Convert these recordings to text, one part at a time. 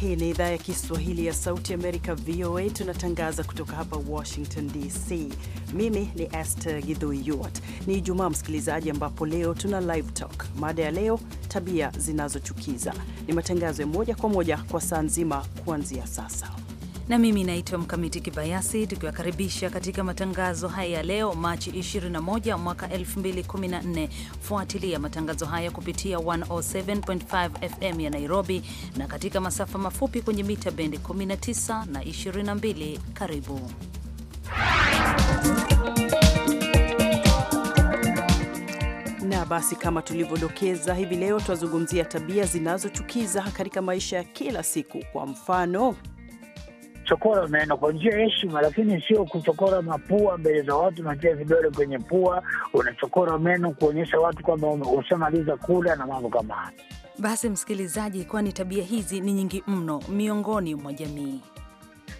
Hii ni idhaa ya Kiswahili ya Sauti Amerika, VOA. Tunatangaza kutoka hapa Washington DC. Mimi ni Esther Gidhui Yuart. Ni Ijumaa msikilizaji, ambapo leo tuna live talk. Mada ya leo, tabia zinazochukiza. Ni matangazo ya moja kwa moja kwa saa nzima kuanzia sasa na mimi naitwa Mkamiti Kibayasi, tukiwakaribisha katika matangazo haya ya leo Machi 21 mwaka 2014. Fuatilia matangazo haya kupitia 107.5 FM ya Nairobi na katika masafa mafupi kwenye mita bendi 19 na 22. Karibu na basi, kama tulivyodokeza hivi leo, twazungumzia tabia zinazochukiza katika maisha ya kila siku. Kwa mfano kuchokora meno kwa njia ya heshima, lakini sio kuchokora mapua mbele za watu, unatia vidole kwenye pua, unachokora meno kuonyesha watu kwamba ushamaliza kula na mambo kama hayo. Basi msikilizaji, kwani tabia hizi ni nyingi mno miongoni mwa jamii.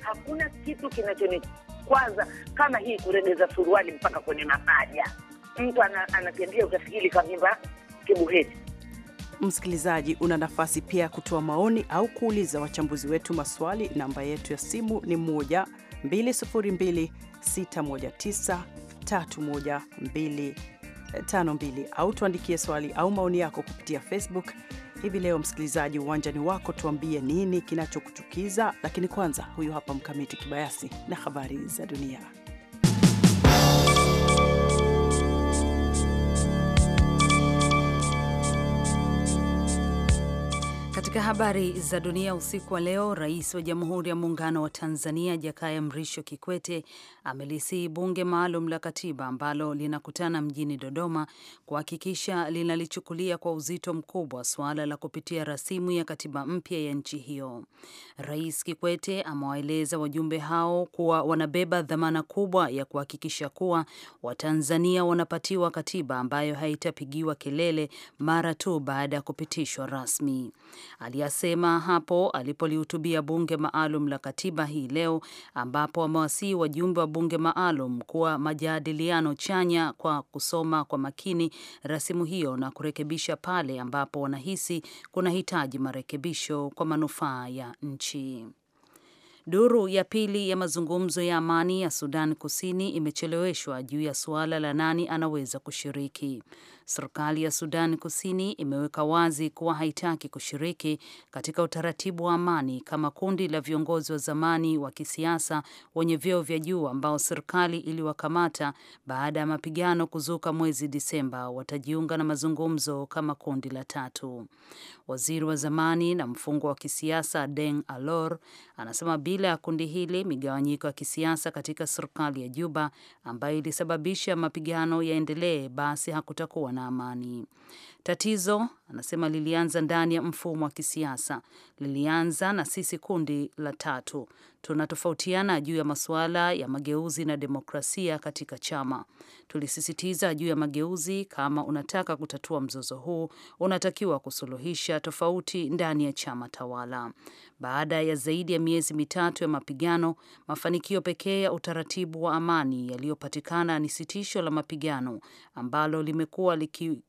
Hakuna kitu kinachonikwaza kama hii kuregeza suruali mpaka kwenye mapaja. Mtu anatembea ana utafikiri kavimba kibuheti Msikilizaji, una nafasi pia ya kutoa maoni au kuuliza wachambuzi wetu maswali. Namba yetu ya simu ni 1 202 eh, au tuandikie swali au maoni yako kupitia Facebook. Hivi leo msikilizaji, uwanjani wako, tuambie nini kinachokuchukiza. Lakini kwanza, huyu hapa Mkamiti Kibayasi na habari za dunia. Katika habari za dunia usiku wa leo, rais wa Jamhuri ya Muungano wa Tanzania Jakaya Mrisho Kikwete amelisihi bunge maalum la katiba ambalo linakutana mjini Dodoma kuhakikisha linalichukulia kwa uzito mkubwa suala la kupitia rasimu ya katiba mpya ya nchi hiyo. Rais Kikwete amewaeleza wajumbe hao kuwa wanabeba dhamana kubwa ya kuhakikisha kuwa Watanzania wanapatiwa katiba ambayo haitapigiwa kelele mara tu baada ya kupitishwa rasmi. Aliyasema hapo alipolihutubia bunge maalum la katiba hii leo, ambapo amewasihi wajumbe wa bunge maalum kuwa majadiliano chanya kwa kusoma kwa makini rasimu hiyo na kurekebisha pale ambapo wanahisi kuna hitaji marekebisho kwa manufaa ya nchi. Duru ya pili ya mazungumzo ya amani ya Sudan Kusini imecheleweshwa juu ya suala la nani anaweza kushiriki. Serikali ya Sudan Kusini imeweka wazi kuwa haitaki kushiriki katika utaratibu wa amani kama kundi la viongozi wa zamani wa kisiasa wenye vyeo vya juu ambao serikali iliwakamata baada ya mapigano kuzuka mwezi Disemba watajiunga na mazungumzo kama kundi la tatu. Waziri wa zamani na mfungwa wa kisiasa Deng Alor anasema bila ya kundi hili migawanyiko ya kisiasa katika serikali ya Juba ambayo ilisababisha mapigano yaendelee, basi hakutakuwa na amani. Tatizo Anasema lilianza ndani ya mfumo wa kisiasa, lilianza na sisi, kundi la tatu. Tunatofautiana juu ya masuala ya mageuzi na demokrasia katika chama. Tulisisitiza juu ya mageuzi. Kama unataka kutatua mzozo huu, unatakiwa kusuluhisha tofauti ndani ya chama tawala. Baada ya zaidi ya miezi mitatu ya mapigano, mafanikio pekee ya utaratibu wa amani yaliyopatikana ni sitisho la mapigano ambalo limekuwa liki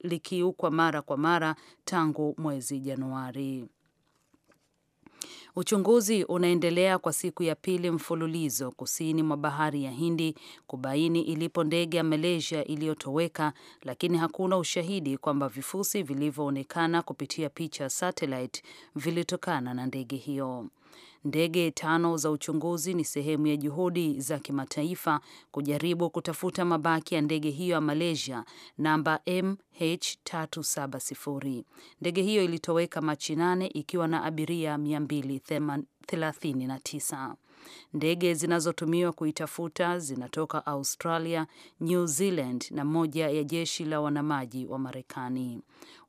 likiukwa mara kwa mara tangu mwezi Januari. Uchunguzi unaendelea kwa siku ya pili mfululizo kusini mwa bahari ya Hindi kubaini ilipo ndege ya Malaysia iliyotoweka, lakini hakuna ushahidi kwamba vifusi vilivyoonekana kupitia picha ya satellite vilitokana na ndege hiyo. Ndege tano za uchunguzi ni sehemu ya juhudi za kimataifa kujaribu kutafuta mabaki ya ndege hiyo ya Malaysia namba MH370. Ndege hiyo ilitoweka Machi nane ikiwa na abiria 239. Ndege zinazotumiwa kuitafuta zinatoka Australia, New Zealand na moja ya jeshi la wanamaji wa Marekani.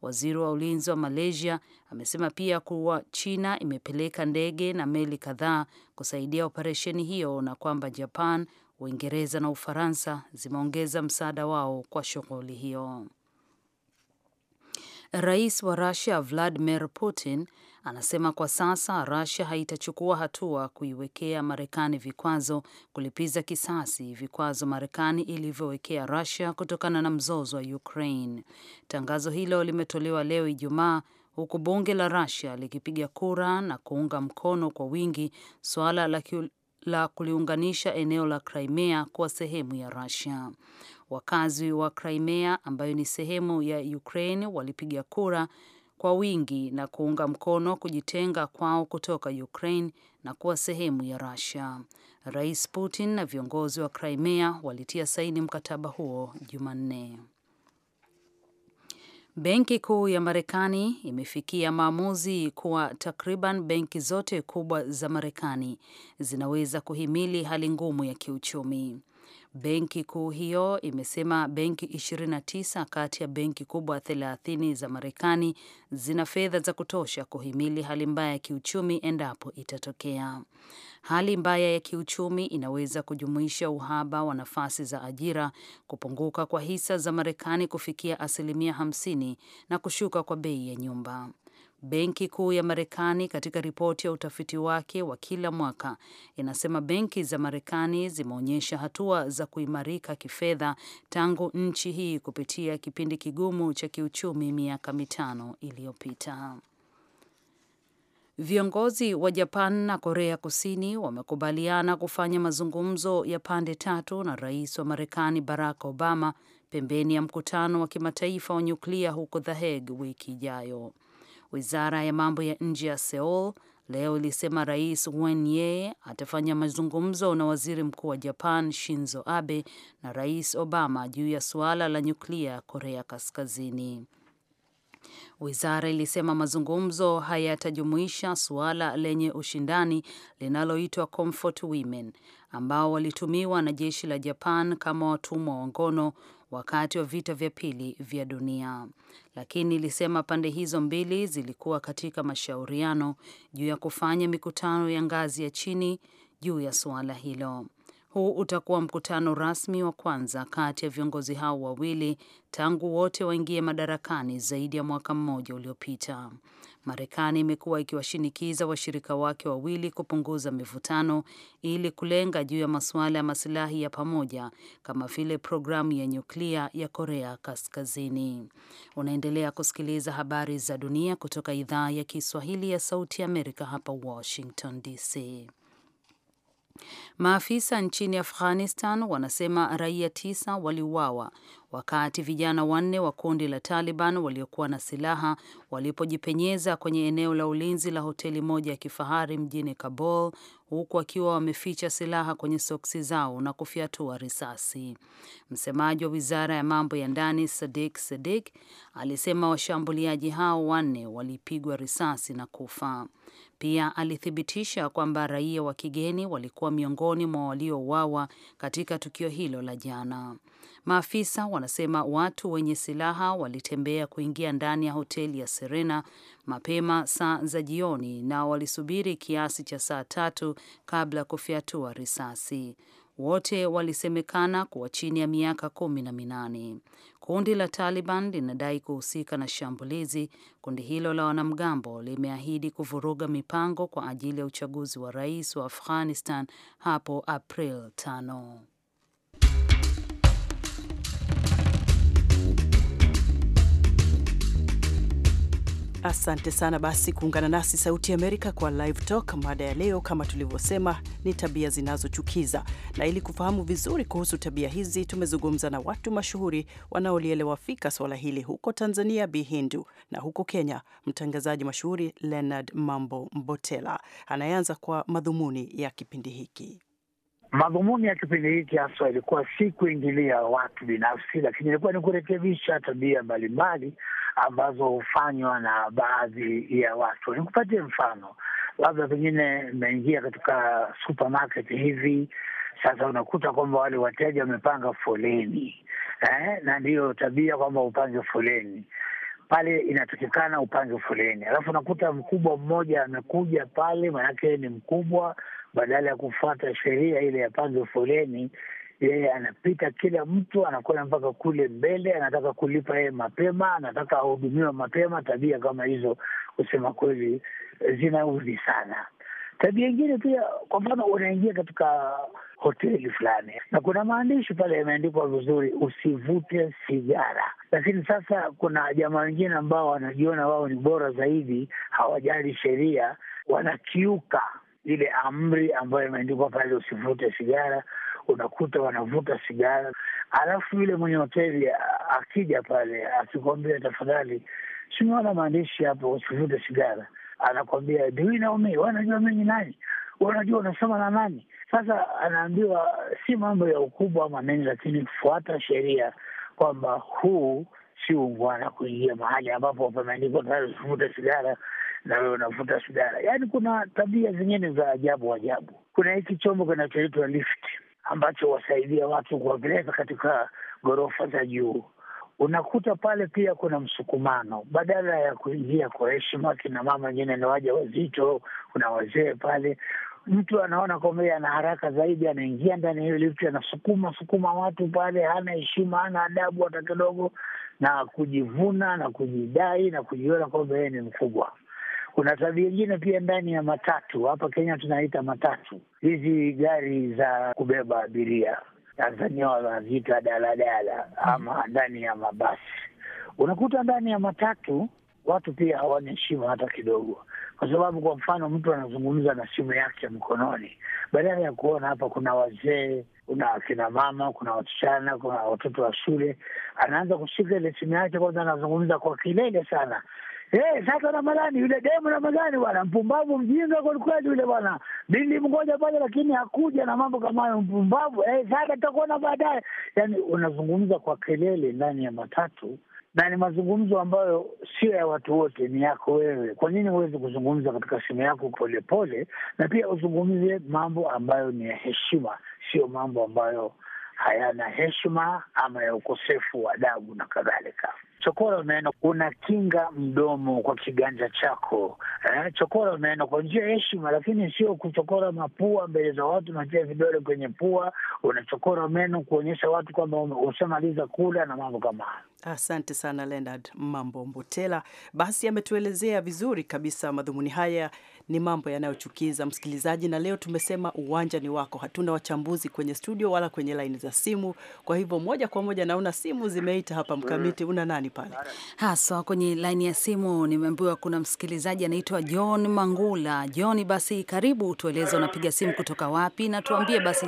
Waziri wa ulinzi wa Malaysia amesema pia kuwa China imepeleka ndege na meli kadhaa kusaidia operesheni hiyo na kwamba Japan, Uingereza na Ufaransa zimeongeza msaada wao kwa shughuli hiyo. Rais wa Russia Vladimir Putin anasema kwa sasa Russia haitachukua hatua kuiwekea Marekani vikwazo kulipiza kisasi vikwazo Marekani ilivyowekea Russia kutokana na mzozo wa Ukraine. Tangazo hilo limetolewa leo Ijumaa huku bunge la Russia likipiga kura na kuunga mkono kwa wingi suala la la kuliunganisha eneo la Crimea kuwa sehemu ya Russia. Wakazi wa Crimea ambayo ni sehemu ya Ukraine walipiga kura kwa wingi na kuunga mkono kujitenga kwao kutoka Ukraine na kuwa sehemu ya Russia. Rais Putin na viongozi wa Crimea walitia saini mkataba huo Jumanne. Benki kuu ya Marekani imefikia maamuzi kuwa takriban benki zote kubwa za Marekani zinaweza kuhimili hali ngumu ya kiuchumi. Benki kuu hiyo imesema benki 29 kati ya benki kubwa 30 za Marekani zina fedha za kutosha kuhimili hali mbaya ya kiuchumi endapo itatokea. Hali mbaya ya kiuchumi inaweza kujumuisha uhaba wa nafasi za ajira, kupunguka kwa hisa za Marekani kufikia asilimia 50 na kushuka kwa bei ya nyumba. Benki Kuu ya Marekani katika ripoti ya utafiti wake wa kila mwaka inasema benki za Marekani zimeonyesha hatua za kuimarika kifedha tangu nchi hii kupitia kipindi kigumu cha kiuchumi miaka mitano iliyopita. Viongozi wa Japan na Korea Kusini wamekubaliana kufanya mazungumzo ya pande tatu na rais wa Marekani Barack Obama pembeni ya mkutano wa kimataifa wa nyuklia huko The Hague wiki ijayo. Wizara ya mambo ya nje ya Seoul leo ilisema Rais ye atafanya mazungumzo na waziri mkuu wa Japan Shinzo Abe na Rais Obama juu ya suala la nyuklia ya Korea Kaskazini. Wizara ilisema mazungumzo hayatajumuisha suala lenye ushindani linaloitwa Comfort Women ambao walitumiwa na jeshi la Japan kama watumwa wa ngono wakati wa vita vya pili vya dunia, lakini ilisema pande hizo mbili zilikuwa katika mashauriano juu ya kufanya mikutano ya ngazi ya chini juu ya suala hilo. Huu utakuwa mkutano rasmi wa kwanza kati ya viongozi hao wawili tangu wote waingie madarakani zaidi ya mwaka mmoja uliopita. Marekani imekuwa ikiwashinikiza washirika wake wawili kupunguza mivutano ili kulenga juu ya masuala ya masilahi ya pamoja kama vile programu ya nyuklia ya Korea Kaskazini. Unaendelea kusikiliza habari za dunia kutoka idhaa ya Kiswahili ya Sauti ya Amerika hapa Washington DC. Maafisa nchini Afghanistan wanasema raia tisa waliuawa wakati vijana wanne wa kundi la Taliban waliokuwa na silaha walipojipenyeza kwenye eneo la ulinzi la hoteli moja ya kifahari mjini Kabul, huku wakiwa wameficha silaha kwenye soksi zao na kufyatua risasi. Msemaji wa wizara ya mambo ya ndani Sadik Sadik alisema washambuliaji hao wanne walipigwa risasi na kufa. Pia alithibitisha kwamba raia wa kigeni walikuwa miongoni mwa waliouawa katika tukio hilo la jana. Maafisa wanasema watu wenye silaha walitembea kuingia ndani ya hoteli ya Serena mapema saa za jioni na walisubiri kiasi cha saa tatu kabla ya kufyatua risasi. Wote walisemekana kuwa chini ya miaka kumi na minane. Kundi la Taliban linadai kuhusika na shambulizi. Kundi hilo la wanamgambo limeahidi kuvuruga mipango kwa ajili ya uchaguzi wa rais wa Afghanistan hapo April tano. Asante sana basi kuungana nasi Sauti Amerika kwa Live Talk. Mada ya leo kama tulivyosema ni tabia zinazochukiza, na ili kufahamu vizuri kuhusu tabia hizi tumezungumza na watu mashuhuri wanaolielewa fika swala hili, huko Tanzania Bi Hindu, na huko Kenya mtangazaji mashuhuri Leonard Mambo Mbotela. Anayeanza kwa madhumuni ya kipindi hiki Madhumuni ya kipindi hiki haswa ilikuwa si kuingilia watu binafsi, lakini ilikuwa ni kurekebisha tabia mbalimbali ambazo hufanywa na baadhi ya watu. Nikupatie mfano, labda pengine mmeingia katika supermarket hivi sasa, unakuta kwamba wale wateja wamepanga foleni eh, na ndiyo tabia kwamba upange foleni pale inatakikana upange foleni, alafu unakuta mkubwa mmoja amekuja pale, maanake ni mkubwa badala ya kufuata sheria ile ya yapange foleni, yeye anapita kila mtu, anakwenda mpaka kule mbele, anataka kulipa yeye mapema, anataka ahudumiwa mapema. Tabia kama hizo kusema kweli zinaudhi sana. Tabia ingine pia, kwa mfano, unaingia katika hoteli fulani na kuna maandishi pale yameandikwa vizuri, usivute sigara. Lakini sasa kuna jamaa wengine ambao wanajiona wao ni bora zaidi, hawajali sheria, wanakiuka ile amri ambayo imeandikwa pale, usivute sigara, unakuta wanavuta sigara. Alafu yule mwenye hoteli akija pale akikwambia, tafadhali, simeona maandishi hapo, usivute sigara, anakwambia duinaumi, wanajua mimi nani? Wanajua unasoma na nani? Sasa anaambiwa si mambo ya ukubwa ama nini, lakini fuata sheria kwamba huu si ungwana kuingia mahali ambapo pameandikwa tayari sigara na wewe unavuta sigara. Yaani kuna tabia zingine za ajabu ajabu. Kuna hiki chombo kinachoitwa lift ambacho wasaidia watu kuwapeleka katika ghorofa za juu. Unakuta pale pia kuna msukumano, badala ya kuingia kwa heshima. Kina mama wengine ni waja wazito, kuna wazee pale mtu anaona kwamba yeye ana haraka zaidi, anaingia ndani hiyo lifti, anasukuma sukuma watu pale, hana heshima, hana adabu hata kidogo, na kujivuna na kujidai na kujiona kwamba yeye ni mkubwa. Kuna tabia ingine pia ndani ya matatu, hapa Kenya tunaita matatu, hizi gari za kubeba abiria, Tanzania wanaziita daladala ama ndani ya mabasi. Unakuta ndani ya matatu watu pia hawana heshima hata kidogo, kwa sababu kwa mfano mtu anazungumza na simu yake mkononi, badala ya kuona hapa kuna wazee, kuna akina mama, kuna wasichana, kuna watoto wa shule, anaanza kushika ile simu yake kwanza, anazungumza kwa kilele sana, Eh, sasa Ramadhani yule demu Ramadhani bwana mpumbavu mjinga kwa kweli yule bwana. Nilimngoja pale lakini hakuja na mambo kama hayo mpumbavu. Eh, sasa tutakuona baadaye. yani unazungumza kwa kelele ndani ya matatu na ni mazungumzo ambayo sio ya watu wote, ni yako wewe. Kwa nini huwezi kuzungumza katika simu yako polepole, na pia uzungumze mambo ambayo ni ya heshima, sio mambo ambayo hayana heshima ama ya ukosefu wa adabu na kadhalika. Chokora meno, unakinga mdomo kwa kiganja chako eh. Chokora meno kwa njia ya heshima, lakini sio kuchokora mapua mbele za watu, unatia vidole kwenye pua, unachokora meno kuonyesha watu kwamba ushamaliza kula na mambo kama hayo. Asante sana Leonard Mambo Mbotela. Basi ametuelezea vizuri kabisa madhumuni haya ni mambo yanayochukiza msikilizaji, na leo tumesema uwanja ni wako. Hatuna wachambuzi kwenye studio wala kwenye laini za simu, kwa hivyo moja kwa moja naona simu zimeita hapa. Mkamiti, una nani pale haswa kwenye laini ya simu? Nimeambiwa kuna msikilizaji anaitwa John Mangula. John, basi karibu, tueleze unapiga simu kutoka wapi, na tuambie basi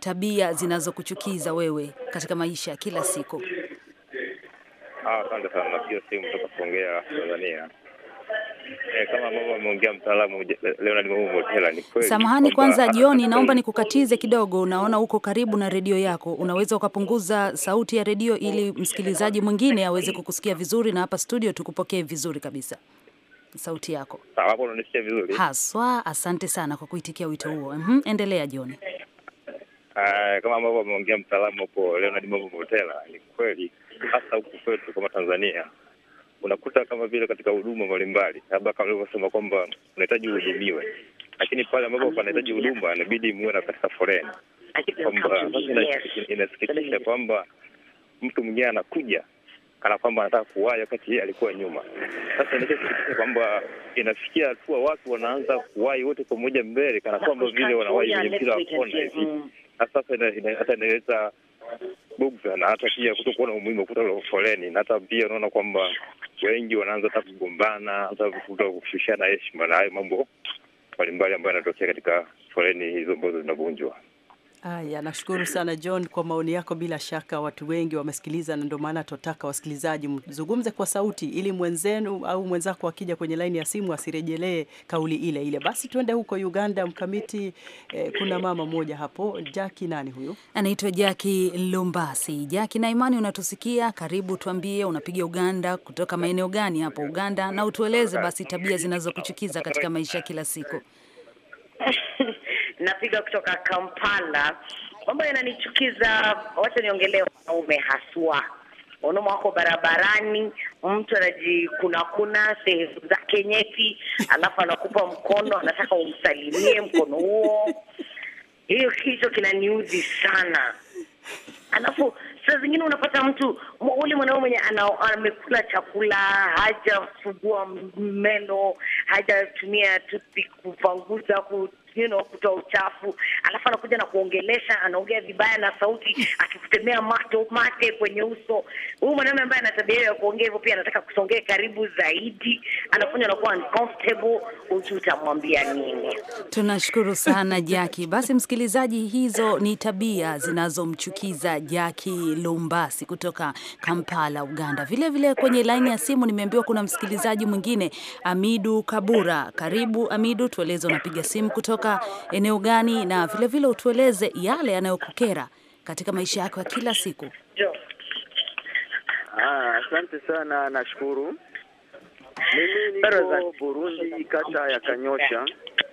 tabia zinazokuchukiza wewe katika maisha ya kila siku. Ah, asante sana, napiga simu kutoka Songea, Tanzania. E, kama ambavyo ameongea mtaalamu Leonard Mavumo Tela, ni kweli. Samahani kwanza, jioni, naomba nikukatize kidogo. Unaona uko karibu na redio yako, unaweza ukapunguza sauti ya redio ili msikilizaji mwingine aweze kukusikia vizuri, na hapa studio tukupokee vizuri kabisa sauti yako. Sawa, hapo unanisikia vizuri haswa. Asante sana kwa kuitikia wito huo. Mm-hmm, endelea jioni. Uh, kama ambavyo ameongea mtaalamu hapo Leonard Mavumo Tela, ni kweli hasa huku kwetu kama Tanzania, unakuta kama vile katika huduma mbalimbali, labda kama ulivyosema kwamba unahitaji uhudumiwe, lakini pale ambapo panahitaji huduma inabidi muwe na pesa foreni, inasikitisha kwamba mtu mwingine anakuja kana kwamba anataka kuwahi wakati yeye alikuwa nyuma. Sasa inachosikitisha kwamba inafikia hatua watu wanaanza kuwai wote pamoja mbele, kana kwamba vile wanawai kwenye mpira wa kona hivi. Mm. Sasa inaleta bugza na hata pia kutokuwa na umuhimu wa foleni, na hata pia unaona kwamba wengi wanaanza hata kugombana, hata kuta kushushana heshima na hayo mambo mbalimbali ambayo yanatokea katika foleni hizo ambazo zinavunjwa. Haya, nashukuru sana John kwa maoni yako. Bila shaka watu wengi wamesikiliza, na ndio maana tutataka wasikilizaji mzungumze kwa sauti, ili mwenzenu au mwenzako akija kwenye laini ya simu asirejelee kauli ile ile. Basi tuende huko Uganda mkamiti. Eh, kuna mama mmoja hapo, Jaki nani huyu, anaitwa Jaki Lumbasi. Jaki na Imani, unatusikia? Karibu, tuambie unapiga Uganda kutoka maeneo gani hapo Uganda, na utueleze basi tabia zinazokuchukiza katika maisha ya kila siku napiga kutoka Kampala. Mambo yananichukiza, wacha niongelee wanaume haswa. Wanaume wako barabarani, mtu anajikunakuna sehemu zake nyeti, alafu anakupa mkono, anataka umsalimie mkono huo. Hiyo kicho kinaniudhi sana, alafu saa zingine unapata mtu ule mwanaume mwenye amekula chakula hajafugua meno, hajatumia toothpick kupanguza ku you know, kutoa uchafu, alafu anakuja na kuongelesha, anaongea vibaya na sauti, akikutemea mate, mate kwenye uso. Huyu mwanaume ambaye ana tabia hiyo ya kuongea hivyo pia anataka kusongea karibu zaidi, anafanya anakuwa uncomfortable. Uju utamwambia nini? Tunashukuru sana Jackie. Basi msikilizaji, hizo ni tabia zinazomchukiza Jackie Lumbasi kutoka Kampala, Uganda. Vile vile kwenye laini ya simu nimeambiwa kuna msikilizaji mwingine Amidu Kabura. Karibu Amidu, tueleze unapiga simu kutoka kutoka eneo gani, na vilevile vile utueleze yale yanayokukera katika maisha yako ya kila siku. Ah, asante ah, sana, nashukuru. Mimi niko Burundi, kata ya Kanyosha,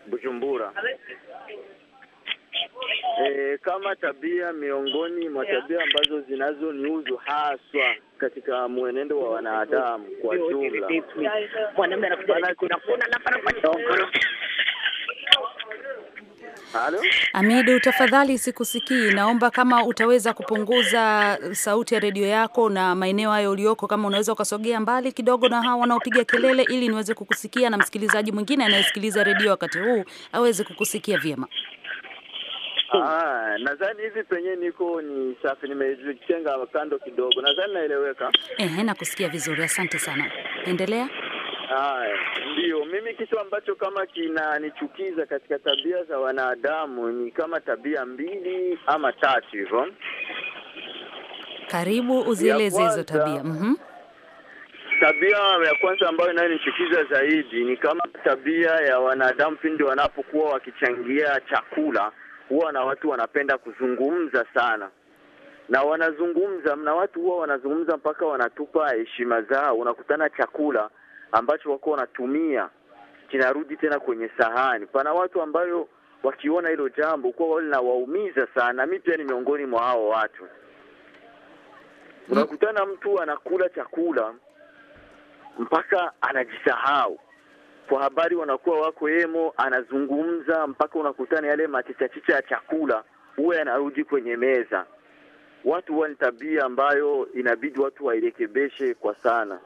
Bujumbura. E, kama tabia miongoni mwa tabia ambazo zinazoniuzu haswa katika mwenendo wa wanadamu kwa jumla Halo? Amidu, tafadhali sikusikii. Naomba kama utaweza kupunguza sauti ya redio yako na maeneo hayo ulioko, kama unaweza ukasogea mbali kidogo na hawa wanaopiga kelele, ili niweze kukusikia na msikilizaji mwingine anayesikiliza redio wakati huu aweze kukusikia vyema. Ah, nadhani hivi penye niko ni safi, nimejitenga kando kidogo, nadhani naeleweka. Ehe, nakusikia vizuri, asante sana, endelea. Haya, ndio mimi, kitu ambacho kama kinanichukiza katika tabia za wanadamu ni kama tabia mbili ama tatu hivyo. Karibu uzieleze hizo tabia. mm-hmm. Tabia ya kwanza ambayo inayonichukiza zaidi ni kama tabia ya wanadamu pindi wanapokuwa wakichangia chakula, huwa na watu wanapenda kuzungumza sana na wanazungumza na watu huwa wanazungumza mpaka wanatupa heshima zao. Unakutana chakula ambacho wako wanatumia kinarudi tena kwenye sahani. Pana watu ambayo wakiona hilo jambo kuwa wale linawaumiza sana. Mi pia ni miongoni mwa hao watu. Unakutana mtu anakula chakula mpaka anajisahau kwa habari, wanakuwa wako yemo, anazungumza mpaka unakutana yale machichachicha ya chakula huwa yanarudi kwenye meza. Watu huwa ni tabia ambayo inabidi watu wairekebeshe kwa sana.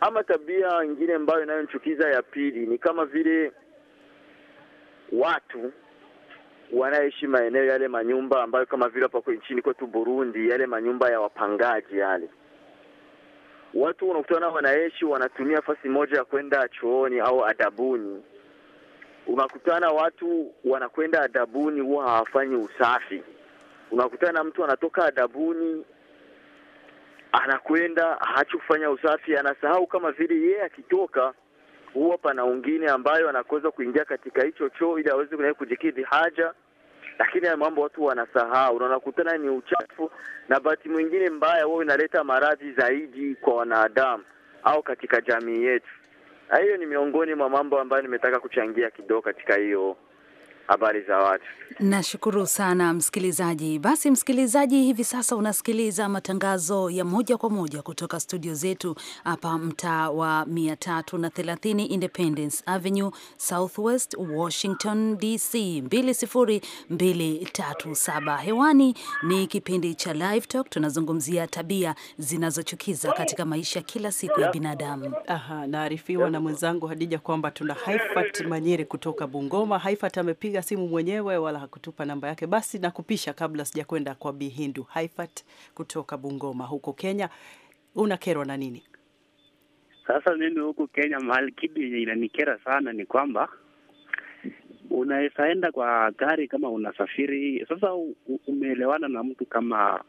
Ama tabia nyingine ambayo inayonchukiza ya pili ni kama vile watu wanaishi maeneo yale manyumba ambayo kama vile hapa nchini kwetu Burundi, yale manyumba ya wapangaji yale, watu unakutana wanaishi, wanatumia fasi moja ya kwenda chooni au adabuni. Unakutana watu wanakwenda adabuni, huwa hawafanyi usafi. Unakutana mtu anatoka adabuni anakwenda haachi kufanya usafi, anasahau kama vile yeye akitoka huwa pana wengine ambayo anakuweza kuingia katika hicho choo ili aweze kujikidhi haja, lakini haya mambo watu wanasahau, na wanakutana ni uchafu, na bahati mwingine mbaya wao inaleta maradhi zaidi kwa wanadamu au katika jamii yetu. Hiyo ni miongoni mwa mambo ambayo nimetaka kuchangia kidogo katika hiyo Habari za watu. Nashukuru sana msikilizaji. Basi msikilizaji, hivi sasa unasikiliza matangazo ya moja kwa moja kutoka studio zetu hapa mtaa wa 330 Independence Avenue, Southwest Washington DC 20237. Hewani ni kipindi cha Live Talk, tunazungumzia tabia zinazochukiza katika maisha kila siku ya binadamu. Aha, naarifiwa na mwenzangu Hadija kwamba tuna Haifat Manyere kutoka Bungoma. Haifat amepiga hakupiga simu mwenyewe wala hakutupa namba yake. Basi nakupisha kabla sijakwenda kwa bihindu Hindu Haifat kutoka Bungoma huko Kenya. Unakerwa na nini sasa? Mimi huku Kenya mahali kitu yenye inanikera sana ni kwamba unaweza enda kwa gari kama unasafiri sasa, umeelewana na mtu kama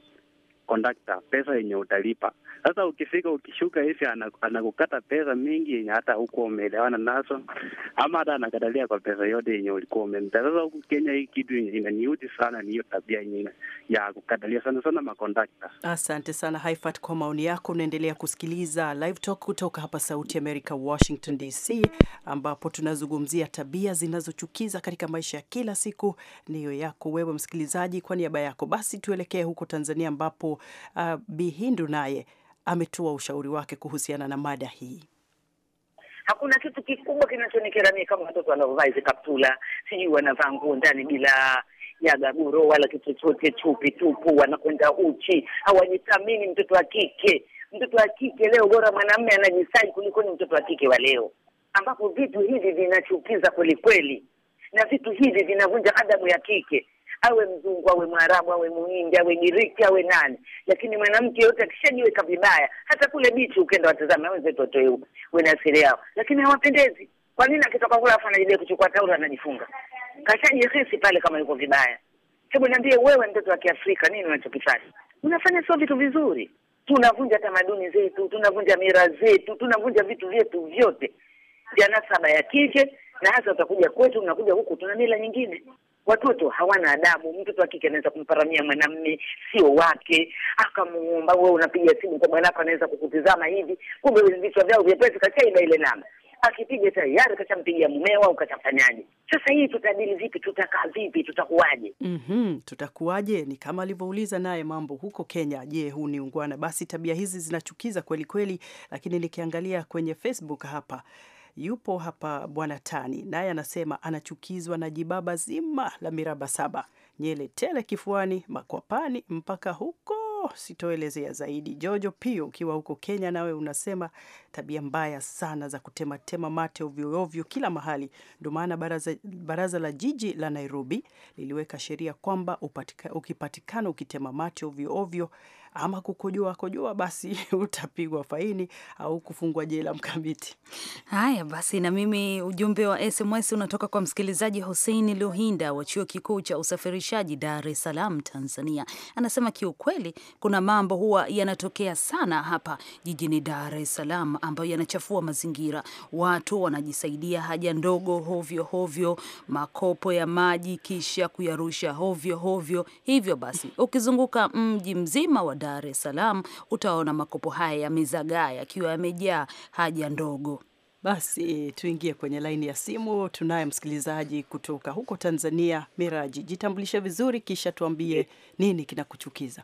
kondakta pesa yenye utalipa. Sasa ukifika ukishuka hivi, anakukata pesa mingi yenye hata hukuwa umeelewana nazo, ama hata anakatalia kwa pesa yote yenye ulikuwa umempa. Sasa huku Kenya hii kitu inaniudhi sana, ni hiyo tabia yenye ya kukatalia sana sana makondakta. Asante sana Haifat kwa maoni yako. Unaendelea kusikiliza Live Talk kutoka hapa Sauti America, Washington DC, ambapo tunazungumzia tabia zinazochukiza katika maisha ya kila siku. Niyo yako wewe msikilizaji, kwa niaba yako basi tuelekee huko Tanzania ambapo uh, Bihindu naye ametoa ushauri wake kuhusiana na mada hii. Hakuna kitu kikubwa kinachonikera kama watoto wanaovaa hizi kaptula, sijui wanavaa nguo ndani bila ya guro wala kitu chochote, chupi tupu, wanakwenda uchi, hawajithamini. Mtoto wa kike, mtoto wa kike leo bora mwanamume anajisai kuliko ni mtoto wa kike wa leo, ambapo vitu hivi vinachukiza kwelikweli na vitu hivi vinavunja adabu ya kike awe mzungu, awe mwarabu, awe muhindi, awe giriki, awe nani, lakini mwanamke yote akishajiweka vibaya, hata kule bichi ukenda watazame wenzetu watoe wenasiri yao, lakini hawapendezi. Kwa nini? Akitoka kula afu anajidai kuchukua taulo anajifunga, kashajihisi pale kama yuko vibaya. Hebu niambie wewe, mtoto wa Kiafrika, nini unachokifanya? Unafanya sio vitu vizuri. Tunavunja tamaduni zetu, tunavunja mira zetu, tunavunja vitu vyetu vyote vya nasaba ya kike, na hasa utakuja kwetu, unakuja huku tuna mila nyingine. Watoto hawana adabu. Mtoto wa kike anaweza kumparamia mwanamme sio wake, akamuomba wewe, unapiga simu kwa mwanako, anaweza kukutizama hivi, kumbe vichwa vyao vyepesi, kachaiba ile namba akipiga tayari kachampigia mumewa ukachafanyaje? Sasa hii tutadili vipi? Tutakaa vipi? Tutakuwaje? mm -hmm. Tutakuwaje? Ni kama alivyouliza naye mambo huko Kenya. Je, huu ni ungwana? Basi tabia hizi zinachukiza kweli kweli, lakini nikiangalia kwenye Facebook hapa Yupo hapa bwana Tani, naye anasema anachukizwa na jibaba zima la miraba saba, nyele tele kifuani, makwapani mpaka huko sitoelezea zaidi. Jojo Pio, ukiwa huko Kenya, nawe unasema tabia mbaya sana za kutematema mate ovyoovyo kila mahali. Ndio maana baraza, baraza la jiji la Nairobi liliweka sheria kwamba ukipatikana ukitema mate ovyoovyo ama kukojoa kojoa, basi utapigwa faini au kufungwa jela mkabiti. Haya basi, na mimi ujumbe wa SMS unatoka kwa msikilizaji Hussein Luhinda wa chuo kikuu cha usafirishaji Dar es Salaam, Tanzania. Anasema kiukweli, kuna mambo huwa yanatokea sana hapa jijini Dar es Salaam ambayo yanachafua mazingira. Watu wanajisaidia haja ndogo hovyo hovyo, makopo ya maji kisha kuyarusha hovyo hovyo. Hivyo basi ukizunguka mji mzima wa Dar es Salaam, utaona makopo haya yamezagaa yakiwa yamejaa haja ndogo. Basi tuingie kwenye laini ya simu. Tunaye msikilizaji kutoka huko Tanzania. Miraji, jitambulishe vizuri, kisha tuambie nini kinakuchukiza.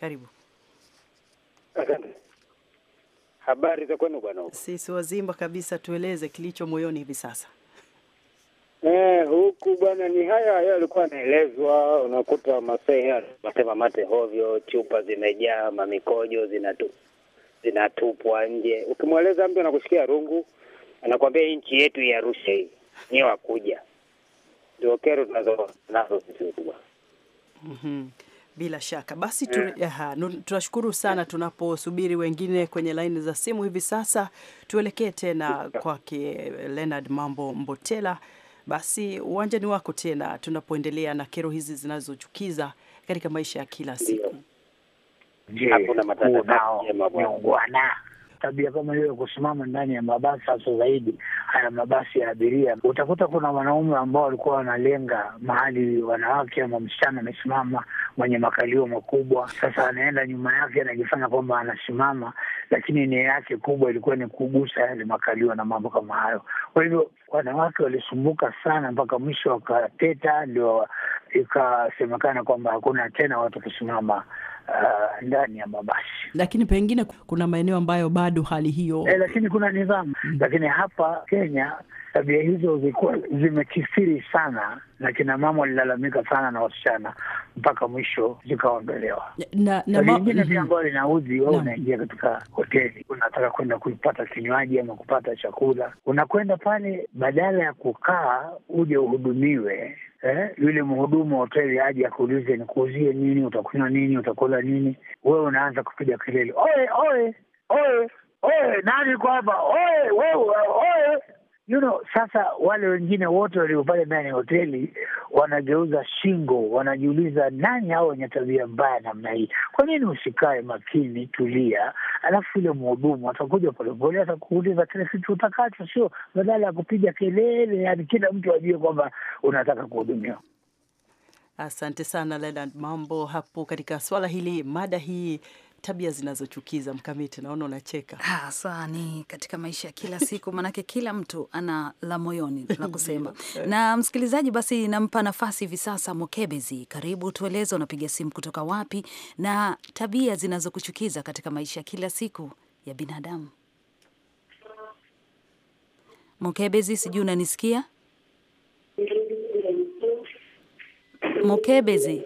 Karibu. Asante. Habari za kwenu bwana? Sisi wazima kabisa, tueleze kilicho moyoni hivi sasa. Eh, huku bwana ni haya haya alikuwa anaelezwa, unakuta Wamasai anasema mate hovyo, chupa zimejaa, mamikojo zinatu zinatupwa nje. Ukimweleza mtu anakushikia rungu, anakuambia nchi yetu ya Arusha hii ni wakuja. Ndio kero nazo sisi huku Mhm. Bila shaka basi tu, yeah. Eh. Tunashukuru sana tunaposubiri wengine kwenye laini za simu hivi sasa, tuelekee tena kwake Leonard Mambo Mbotela basi uwanja ni wako tena, tunapoendelea na kero hizi zinazochukiza katika maisha ya kila siku. Je, hakuna nao tabia kama hiyo ya kusimama ndani ya mabasi, hasa zaidi haya mabasi ya abiria, utakuta kuna wanaume ambao walikuwa wanalenga mahali wanawake ama msichana amesimama mwenye makalio makubwa. Sasa anaenda nyuma yake, anajifanya kwamba anasimama, lakini nia yake kubwa ilikuwa ni kugusa yale makalio na mambo kama hayo. Kwa hivyo wanawake walisumbuka sana mpaka mwisho wakateta, ndio ikasemekana kwamba hakuna tena watu kusimama uh, ndani ya mabasi, lakini pengine kuna maeneo ambayo bado hali hiyo e, lakini kuna nidhamu mm. Lakini hapa Kenya tabia hizo zilikuwa zimekithiri sana na kina mama walilalamika sana na wasichana mpaka mwisho zikaondolewa. ingine lingine pia mhm. ambayo linaudhi, wewe unaingia katika hoteli, unataka kwenda kupata kinywaji ama kupata chakula, unakwenda pale, badala ya kukaa uje uhudumiwe eh, yule mhudumu wa hoteli aje akuulize nikuuzie nini, utakunywa nini, utakula nini, wewe unaanza kupiga kelele, oe oe oe oe, nani kwa hapa, oe wewe, oe you know, sasa wale wengine wote walio pale ndani ya hoteli wanageuza shingo, wanajiuliza nani hao wenye tabia mbaya namna hii? Kwa nini usikae makini, tulia, alafu ile mhudumu atakuja polepole, atakuuliza kile kitu utakacho, sio badala ya kupiga kelele, yani kila mtu ajue kwamba unataka kuhudumiwa. Asante sana Leonard Mambo hapo katika swala hili, mada hii tabia zinazochukiza Mkamiti? Naona unacheka hasa, ah, ni katika maisha ya kila siku, maanake kila mtu ana la moyoni la kusema. Na msikilizaji, basi nampa nafasi hivi sasa. Mokebezi, karibu, tueleze unapiga simu kutoka wapi na tabia zinazokuchukiza katika maisha ya kila siku ya binadamu. Mokebezi, sijui unanisikia Mokebezi?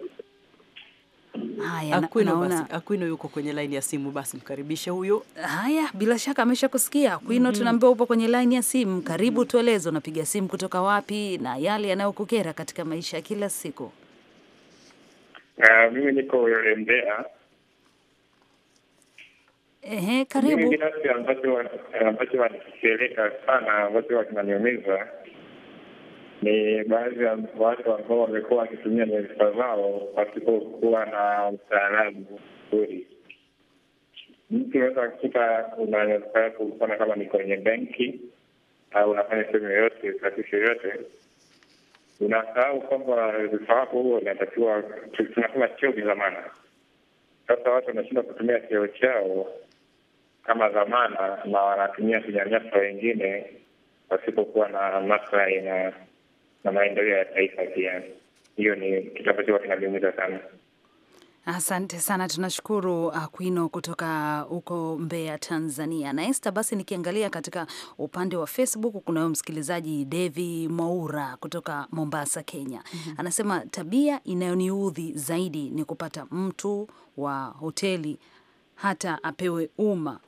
Haya, Akwino, naona... basi Akwino yuko kwenye line ya simu, basi mkaribishe huyo. Haya, bila shaka ameshakusikia Akwino. mm -hmm. Tunaambiwa upo kwenye line ya simu, karibu. mm -hmm. Tueleze unapiga simu kutoka wapi na yale yanayokukera katika maisha ya kila siku. Uh, mimi niko Mbeya. Ehe, karibu. Mimi ambacho wanakipeleka sana ambacho wakinaniumiza ni baadhi ya watu ambao wamekuwa wakitumia nyarifa zao kuwa na utaalamu mzuri. Mtu unaweza kukuta una nyarifa yako, mfano kama ni kwenye benki au unafanya sehemu yoyote, taasisi yoyote, unasahau kwamba wadhifa wako huo unatakiwa, tunasema cheo ni dhamana. Sasa watu wanashindwa kutumia cheo chao kama dhamana na wanatumia kunyanyasa wengine pasipokuwa na maslahi na na maendeleo ya taifa pia. Hiyo ni kitu ambacho huwa sana. Asante sana, tunashukuru Akwino uh, kutoka huko Mbeya, Tanzania. Na Esta, basi nikiangalia katika upande wa Facebook, kunayo msikilizaji Devi Mwaura kutoka Mombasa, Kenya. Mhm. Anasema tabia inayoniudhi zaidi ni kupata mtu wa hoteli hata apewe uma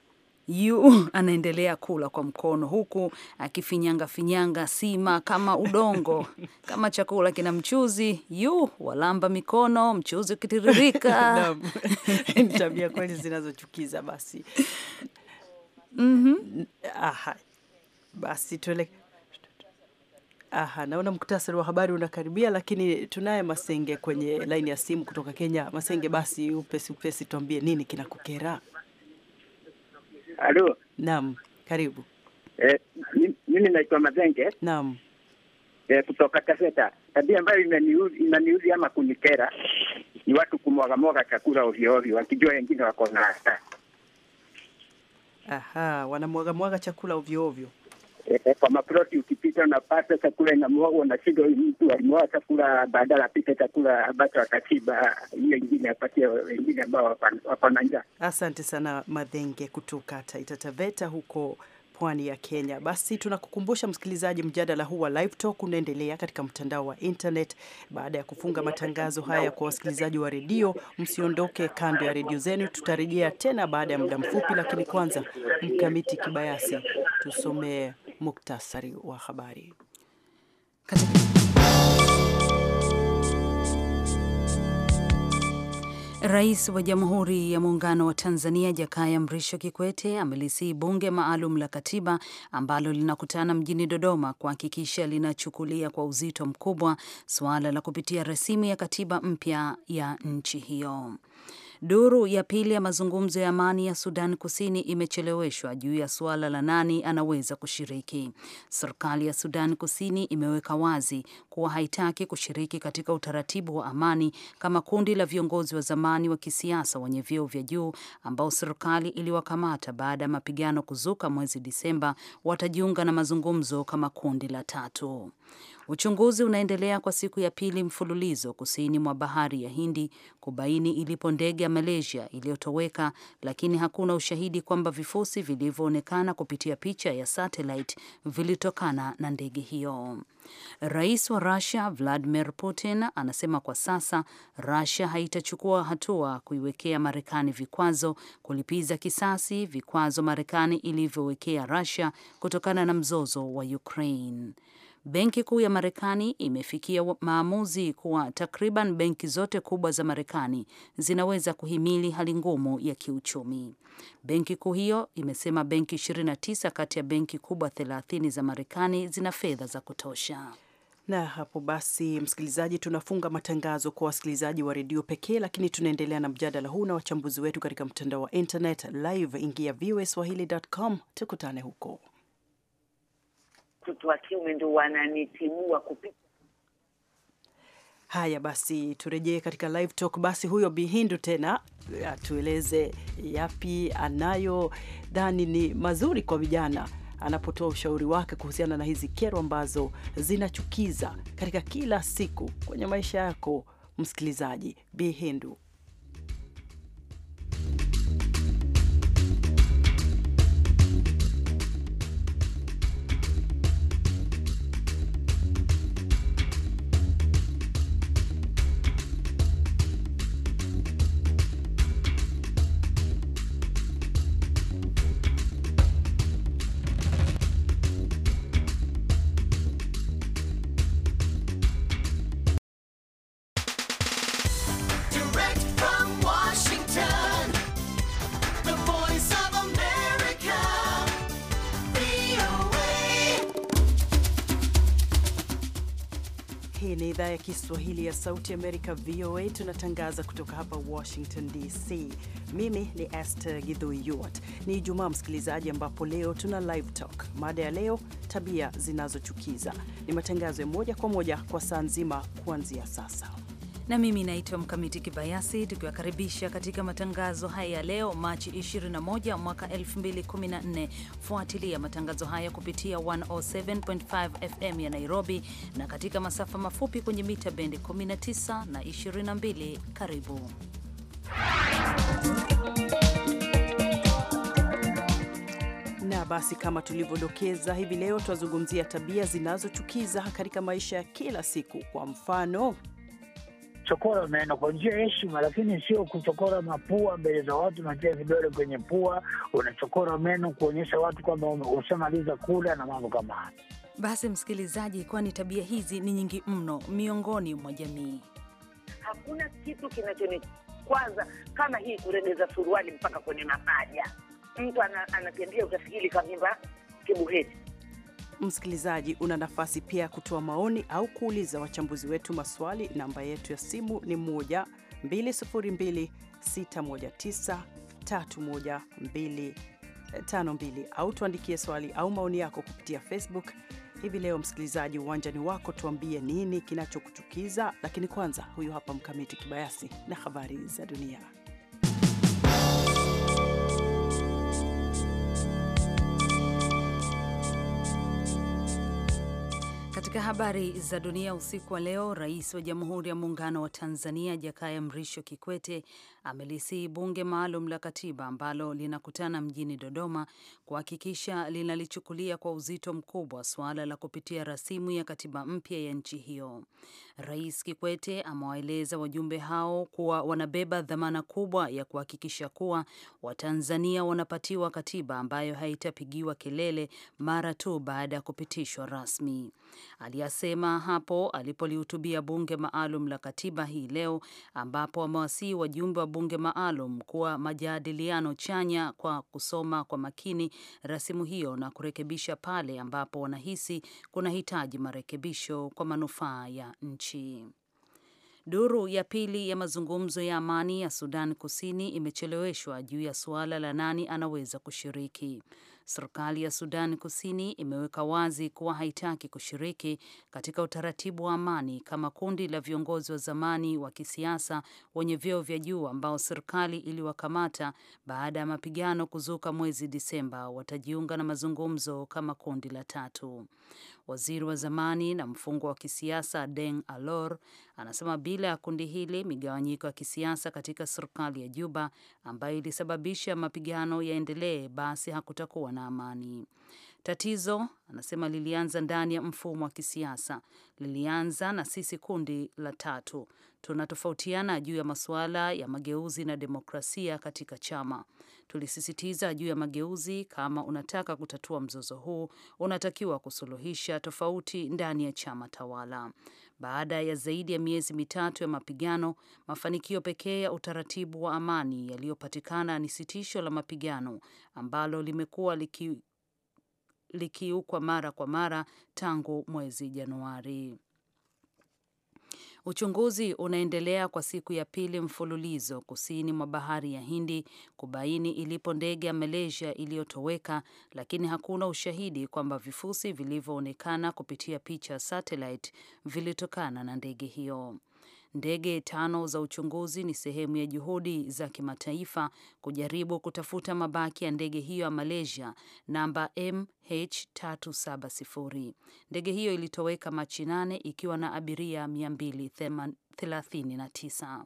yu anaendelea kula kwa mkono huku akifinyanga finyanga sima kama udongo kama chakula kina mchuzi, yu walamba mikono, mchuzi ukitiririka. Ni tabia kweli zinazochukiza. Basi mm -hmm. Aha, basi tuele... Aha, naona muktasari wa habari unakaribia, lakini tunaye Masenge kwenye laini ya simu kutoka Kenya. Masenge, basi upesi upesi tuambie nini kinakukera? Halo. Naam, karibu. Eh, mimi naitwa Mazenge. Naam. Eh, kutoka Kaseta. Tabia ambayo imeniuzi imeniuzi ama kunikera ni watu kumwaga kumwagamwaga chakula ovyo ovyo wakijua wengine wako na. Aha, wanamwaga wanamwagamwaga chakula ovyo ovyo. Eh, eh, kwa maploti ukipita unapata chakula inamwagwa, unashindwa mtu alimwaga chakula, badala apite chakula ambacho atashiba, hiyo ingine apatie wengine ambao wapana njaa. Asante sana Madhenge kutoka Taita Taveta huko pwani ya Kenya. Basi tunakukumbusha msikilizaji, mjadala huu wa Live Talk unaendelea katika mtandao wa internet. Baada ya kufunga matangazo haya kwa wasikilizaji wa redio, msiondoke kando ya redio zenu, tutarejea tena baada ya muda mfupi, lakini kwanza Mkamiti Kibayasi tusomee muktasari wa habari. Rais wa Jamhuri ya Muungano wa Tanzania Jakaya Mrisho Kikwete amelisihi bunge maalum la katiba ambalo linakutana mjini Dodoma kuhakikisha linachukulia kwa uzito mkubwa suala la kupitia rasimu ya katiba mpya ya nchi hiyo. Duru ya pili ya mazungumzo ya amani ya Sudan Kusini imecheleweshwa juu ya suala la nani anaweza kushiriki. Serikali ya Sudan Kusini imeweka wazi kuwa haitaki kushiriki katika utaratibu wa amani kama kundi la viongozi wa zamani wa kisiasa wenye vyeo vya juu ambao serikali iliwakamata baada ya mapigano kuzuka mwezi Disemba watajiunga na mazungumzo kama kundi la tatu. Uchunguzi unaendelea kwa siku ya pili mfululizo kusini mwa bahari ya Hindi kubaini ilipo ndege ya Malaysia iliyotoweka, lakini hakuna ushahidi kwamba vifusi vilivyoonekana kupitia picha ya satellite vilitokana na ndege hiyo. Rais wa Russia Vladimir Putin anasema kwa sasa Russia haitachukua hatua kuiwekea Marekani vikwazo kulipiza kisasi vikwazo Marekani ilivyowekea Russia kutokana na mzozo wa Ukraine. Benki Kuu ya Marekani imefikia maamuzi kuwa takriban benki zote kubwa za Marekani zinaweza kuhimili hali ngumu ya kiuchumi. Benki kuu hiyo imesema benki 29 kati ya benki kubwa 30 za Marekani zina fedha za kutosha. Na hapo basi, msikilizaji, tunafunga matangazo kwa wasikilizaji wa redio pekee, lakini tunaendelea na mjadala huu na wachambuzi wetu katika mtandao wa internet live. Ingia voa swahili.com, tukutane huko mtoto wa kiume ndio wananitimua kupita. Haya basi, turejee katika live talk. Basi huyo Bihindu tena atueleze yapi anayodhani ni mazuri kwa vijana anapotoa ushauri wake kuhusiana na hizi kero ambazo zinachukiza katika kila siku kwenye maisha yako, msikilizaji Bihindu. Hii ni idhaa ya Kiswahili ya Sauti Amerika, VOA. Tunatangaza kutoka hapa Washington DC. Mimi ni Esther Gidhuiyot. Ni Ijumaa msikilizaji, ambapo leo tuna live talk. Mada ya leo, tabia zinazochukiza. Ni matangazo ya moja kwa moja kwa saa nzima kuanzia sasa na mimi naitwa Mkamiti Kibayasi, tukiwakaribisha katika matangazo haya ya leo Machi 21 mwaka 2014. Fuatilia matangazo haya kupitia 107.5 FM ya Nairobi na katika masafa mafupi kwenye mita bendi 19 na 22. Karibu na basi, kama tulivyodokeza hivi leo, twazungumzia tabia zinazochukiza katika maisha ya kila siku. Kwa mfano kuchokora meno kwa njia ya heshima, lakini sio kuchokora mapua mbele za watu, unatia vidole kwenye pua, unachokora meno kuonyesha watu kwamba ushamaliza kula na mambo kama hayo. Basi msikilizaji, kwani tabia hizi ni nyingi mno miongoni mwa jamii. Hakuna kitu kinachonikwaza kama hii kuregeza suruali mpaka kwenye mapaja. Mtu anatembea ana utafikiri kavimba kibuheti Msikilizaji, una nafasi pia ya kutoa maoni au kuuliza wachambuzi wetu maswali. Namba yetu ya simu ni 1 202 eh, au tuandikie swali au maoni yako kupitia Facebook. Hivi leo msikilizaji, uwanjani wako, tuambie nini kinachokuchukiza. Lakini kwanza, huyu hapa Mkamiti Kibayasi na habari za dunia. Katika habari za dunia usiku wa leo, rais wa Jamhuri ya Muungano wa Tanzania Jakaya Mrisho Kikwete amelisihi bunge maalum la katiba ambalo linakutana mjini Dodoma kuhakikisha linalichukulia kwa uzito mkubwa suala la kupitia rasimu ya katiba mpya ya nchi hiyo. Rais Kikwete amewaeleza wajumbe hao kuwa wanabeba dhamana kubwa ya kuhakikisha kuwa Watanzania wanapatiwa katiba ambayo haitapigiwa kelele mara tu baada ya kupitishwa rasmi. Aliyasema hapo alipolihutubia bunge maalum la katiba hii leo ambapo amewasihi wajumbe wa bunge maalum kuwa majadiliano chanya kwa kusoma kwa makini rasimu hiyo na kurekebisha pale ambapo wanahisi kuna hitaji marekebisho kwa manufaa ya nchi. Duru ya pili ya mazungumzo ya amani ya Sudan Kusini imecheleweshwa juu ya suala la nani anaweza kushiriki. Serikali ya Sudan Kusini imeweka wazi kuwa haitaki kushiriki katika utaratibu wa amani kama kundi la viongozi wa zamani wa kisiasa wenye vyeo vya juu ambao serikali iliwakamata baada ya mapigano kuzuka mwezi Disemba watajiunga na mazungumzo kama kundi la tatu. Waziri wa zamani na mfungwa wa kisiasa Deng Alor anasema bila ya kundi hili, migawanyiko ya kisiasa katika serikali ya Juba ambayo ilisababisha mapigano yaendelee, basi hakutakuwa na amani. Tatizo anasema lilianza ndani ya mfumo wa kisiasa, lilianza na sisi, kundi la tatu. Tunatofautiana juu ya masuala ya mageuzi na demokrasia katika chama. Tulisisitiza juu ya mageuzi. Kama unataka kutatua mzozo huu, unatakiwa kusuluhisha tofauti ndani ya chama tawala. Baada ya zaidi ya miezi mitatu ya mapigano, mafanikio pekee ya utaratibu wa amani yaliyopatikana ni sitisho la mapigano ambalo limekuwa liki likiukwa mara kwa mara tangu mwezi Januari. Uchunguzi unaendelea kwa siku ya pili mfululizo kusini mwa bahari ya Hindi kubaini ilipo ndege ya Malaysia iliyotoweka, lakini hakuna ushahidi kwamba vifusi vilivyoonekana kupitia picha ya satellite vilitokana na ndege hiyo. Ndege tano za uchunguzi ni sehemu ya juhudi za kimataifa kujaribu kutafuta mabaki ya ndege hiyo ya Malaysia namba MH370. Ndege hiyo ilitoweka Machi nane ikiwa na abiria 239.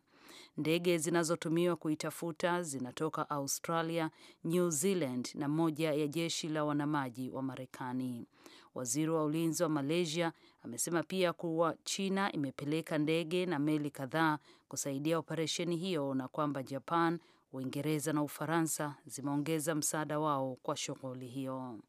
Ndege zinazotumiwa kuitafuta zinatoka Australia, New Zealand na moja ya jeshi la wanamaji wa Marekani. Waziri wa ulinzi wa Malaysia Amesema pia kuwa China imepeleka ndege na meli kadhaa kusaidia operesheni hiyo na kwamba Japan, Uingereza na Ufaransa zimeongeza msaada wao kwa shughuli hiyo.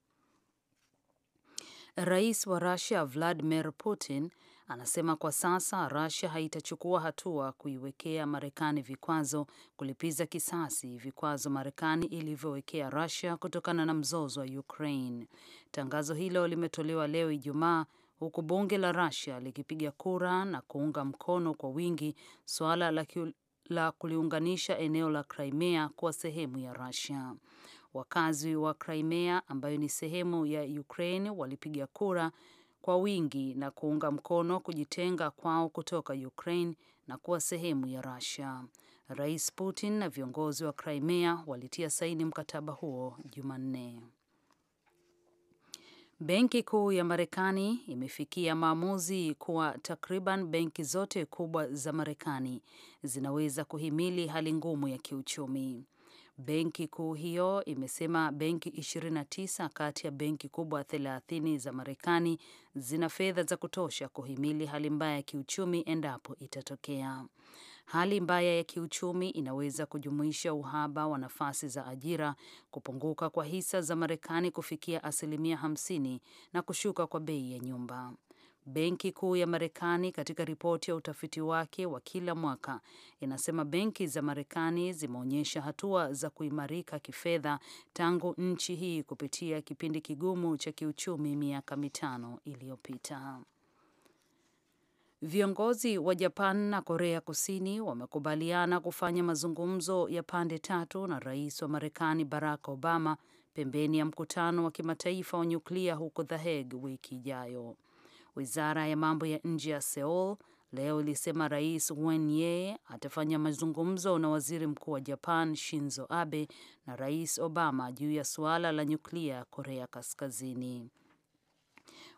Rais wa Russia Vladimir Putin anasema kwa sasa Russia haitachukua hatua kuiwekea Marekani vikwazo kulipiza kisasi vikwazo Marekani ilivyowekea Russia kutokana na mzozo wa Ukraine. Tangazo hilo limetolewa leo Ijumaa huku bunge la rasia likipiga kura na kuunga mkono kwa wingi suala la, la kuliunganisha eneo la Crimea kuwa sehemu ya rasia Wakazi wa Crimea ambayo ni sehemu ya Ukraine walipiga kura kwa wingi na kuunga mkono kujitenga kwao kutoka Ukraine na kuwa sehemu ya rasia Rais Putin na viongozi wa Crimea walitia saini mkataba huo Jumanne. Benki Kuu ya Marekani imefikia maamuzi kuwa takriban benki zote kubwa za Marekani zinaweza kuhimili hali ngumu ya kiuchumi. Benki kuu hiyo imesema benki 29 kati ya benki kubwa 30 za Marekani zina fedha za kutosha kuhimili hali mbaya ya kiuchumi endapo itatokea. Hali mbaya ya kiuchumi inaweza kujumuisha uhaba wa nafasi za ajira, kupunguka kwa hisa za Marekani kufikia asilimia 50 na kushuka kwa bei ya nyumba. Benki Kuu ya Marekani katika ripoti ya utafiti wake wa kila mwaka inasema benki za Marekani zimeonyesha hatua za kuimarika kifedha tangu nchi hii kupitia kipindi kigumu cha kiuchumi miaka mitano iliyopita. Viongozi wa Japan na Korea Kusini wamekubaliana kufanya mazungumzo ya pande tatu na rais wa Marekani Barack Obama pembeni ya mkutano wa kimataifa wa nyuklia huko The Hague wiki ijayo. Wizara ya mambo ya nje ya Seoul leo ilisema Rais Wenye atafanya mazungumzo na waziri mkuu wa Japan Shinzo Abe na Rais Obama juu ya suala la nyuklia Korea Kaskazini.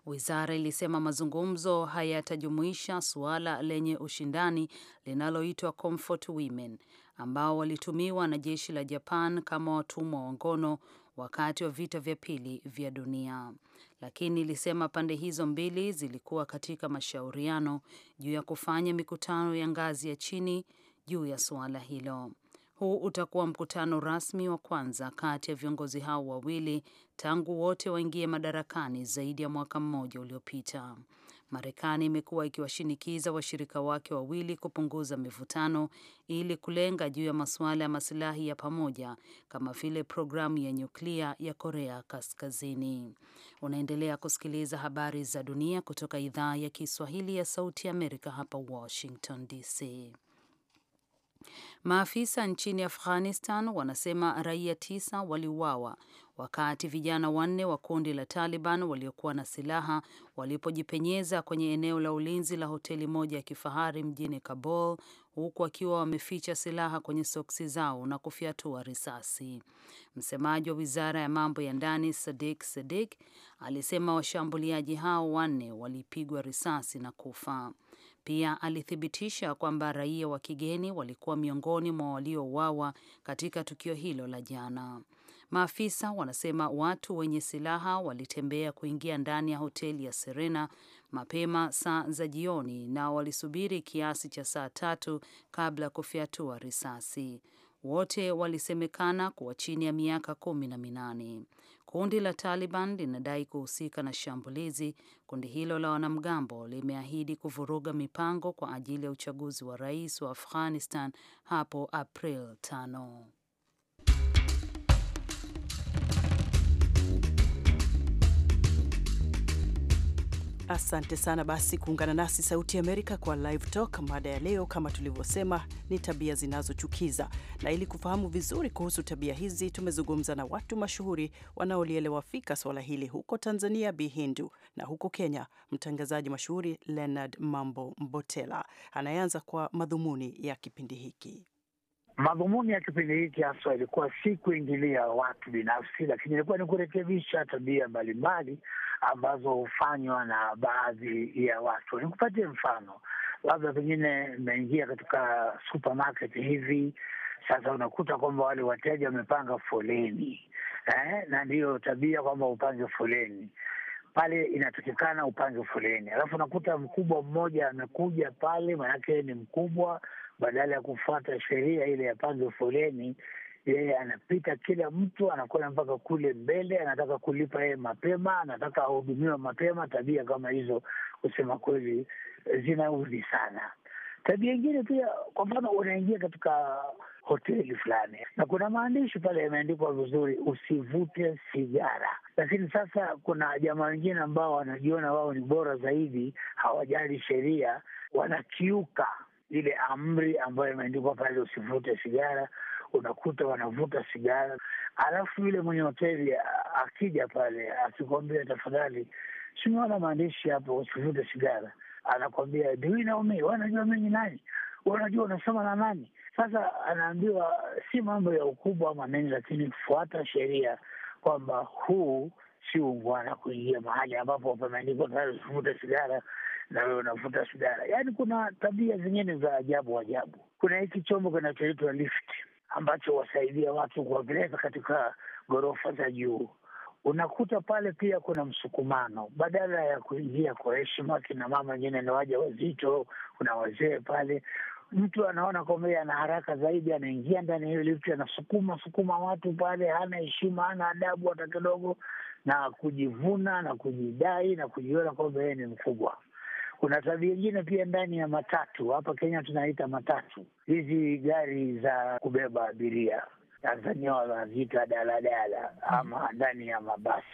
Wizara ilisema mazungumzo hayatajumuisha suala lenye ushindani linaloitwa Comfort Women ambao walitumiwa na jeshi la Japan kama watumwa wa ngono wakati wa vita vya pili vya dunia, lakini ilisema pande hizo mbili zilikuwa katika mashauriano juu ya kufanya mikutano ya ngazi ya chini juu ya suala hilo. Huu utakuwa mkutano rasmi wa kwanza kati ya viongozi hao wawili tangu wote waingie madarakani zaidi ya mwaka mmoja uliopita. Marekani imekuwa ikiwashinikiza washirika wake wawili kupunguza mivutano ili kulenga juu ya masuala ya masilahi ya pamoja kama vile programu ya nyuklia ya Korea Kaskazini. Unaendelea kusikiliza habari za dunia kutoka idhaa ya Kiswahili ya Sauti ya Amerika hapa Washington DC. Maafisa nchini Afghanistan wanasema raia tisa waliuawa wakati vijana wanne wa kundi la Taliban waliokuwa na silaha walipojipenyeza kwenye eneo la ulinzi la hoteli moja ya kifahari mjini Kabul huku wakiwa wameficha silaha kwenye soksi zao na kufyatua risasi. Msemaji wa wizara ya mambo ya ndani Sadik Sadik alisema washambuliaji hao wanne walipigwa risasi na kufa. Pia alithibitisha kwamba raia wa kigeni walikuwa miongoni mwa waliouawa katika tukio hilo la jana. Maafisa wanasema watu wenye silaha walitembea kuingia ndani ya hoteli ya Serena mapema saa za jioni na walisubiri kiasi cha saa tatu kabla ya kufyatua risasi. Wote walisemekana kuwa chini ya miaka kumi na minane. Kundi la Taliban linadai kuhusika na shambulizi. Kundi hilo la wanamgambo limeahidi kuvuruga mipango kwa ajili ya uchaguzi wa rais wa Afghanistan hapo April tano. Asante sana basi kuungana nasi Sauti ya Amerika kwa Live Talk. Mada ya leo kama tulivyosema ni tabia zinazochukiza, na ili kufahamu vizuri kuhusu tabia hizi tumezungumza na watu mashuhuri wanaolielewa fika swala hili huko Tanzania, Bihindu, na huko Kenya, mtangazaji mashuhuri Leonard Mambo Mbotela. Anayeanza kwa madhumuni ya kipindi hiki. Madhumuni ya kipindi hiki haswa ilikuwa si kuingilia watu binafsi, lakini ilikuwa ni kurekebisha tabia mbalimbali ambazo hufanywa na baadhi ya watu. Nikupatie mfano, labda pengine mmeingia katika supermarket hivi sasa, unakuta kwamba wale wateja wamepanga foleni eh, na ndiyo tabia kwamba upange foleni pale inatakikana upange foleni, alafu unakuta mkubwa mmoja amekuja pale, maanake ni mkubwa, badala ya kufuata sheria ile yapange foleni, yeye anapita, kila mtu anakwenda mpaka kule mbele, anataka kulipa yeye mapema, anataka ahudumiwa mapema. Tabia kama hizo kusema kweli zinaudhi sana. Tabia ingine pia, kwa mfano, unaingia katika hoteli fulani na kuna maandishi pale yameandikwa vizuri, usivute sigara. Lakini sasa kuna jamaa wengine ambao wanajiona wao ni bora zaidi, hawajali sheria, wanakiuka ile amri ambayo imeandikwa pale, usivute sigara unakuta wanavuta sigara, alafu yule mwenye hoteli akija pale akikwambia, tafadhali simeona maandishi hapo, usivute sigara, anakwambia do you know me, wanajua mimi ni nani, wanajua unasoma na nani. Sasa anaambiwa si mambo ya ukubwa ama nini, lakini kufuata sheria kwamba huu si ungwana kuingia mahali ambapo pameandikwa tayari usivute sigara na wewe unavuta sigara. Yaani kuna tabia zingine za ajabu ajabu. Kuna hiki chombo kinachoitwa lifti ambacho wasaidia watu kuogeleza katika ghorofa za juu. Unakuta pale pia kuna msukumano, badala ya kuingia kwa heshima. Kina mama wengine ni waja wazito, kuna wazee pale, mtu anaona kwamba ana haraka zaidi, anaingia ndani hiyo lifti, anasukuma sukuma watu pale, hana heshima, hana adabu hata kidogo, na kujivuna na kujidai na kujiona kwamba yeye ni mkubwa. Kuna tabia ingine pia ndani ya matatu, hapa Kenya tunaita matatu, hizi gari za kubeba abiria, Tanzania wanaziita daladala ama ndani ya mabasi.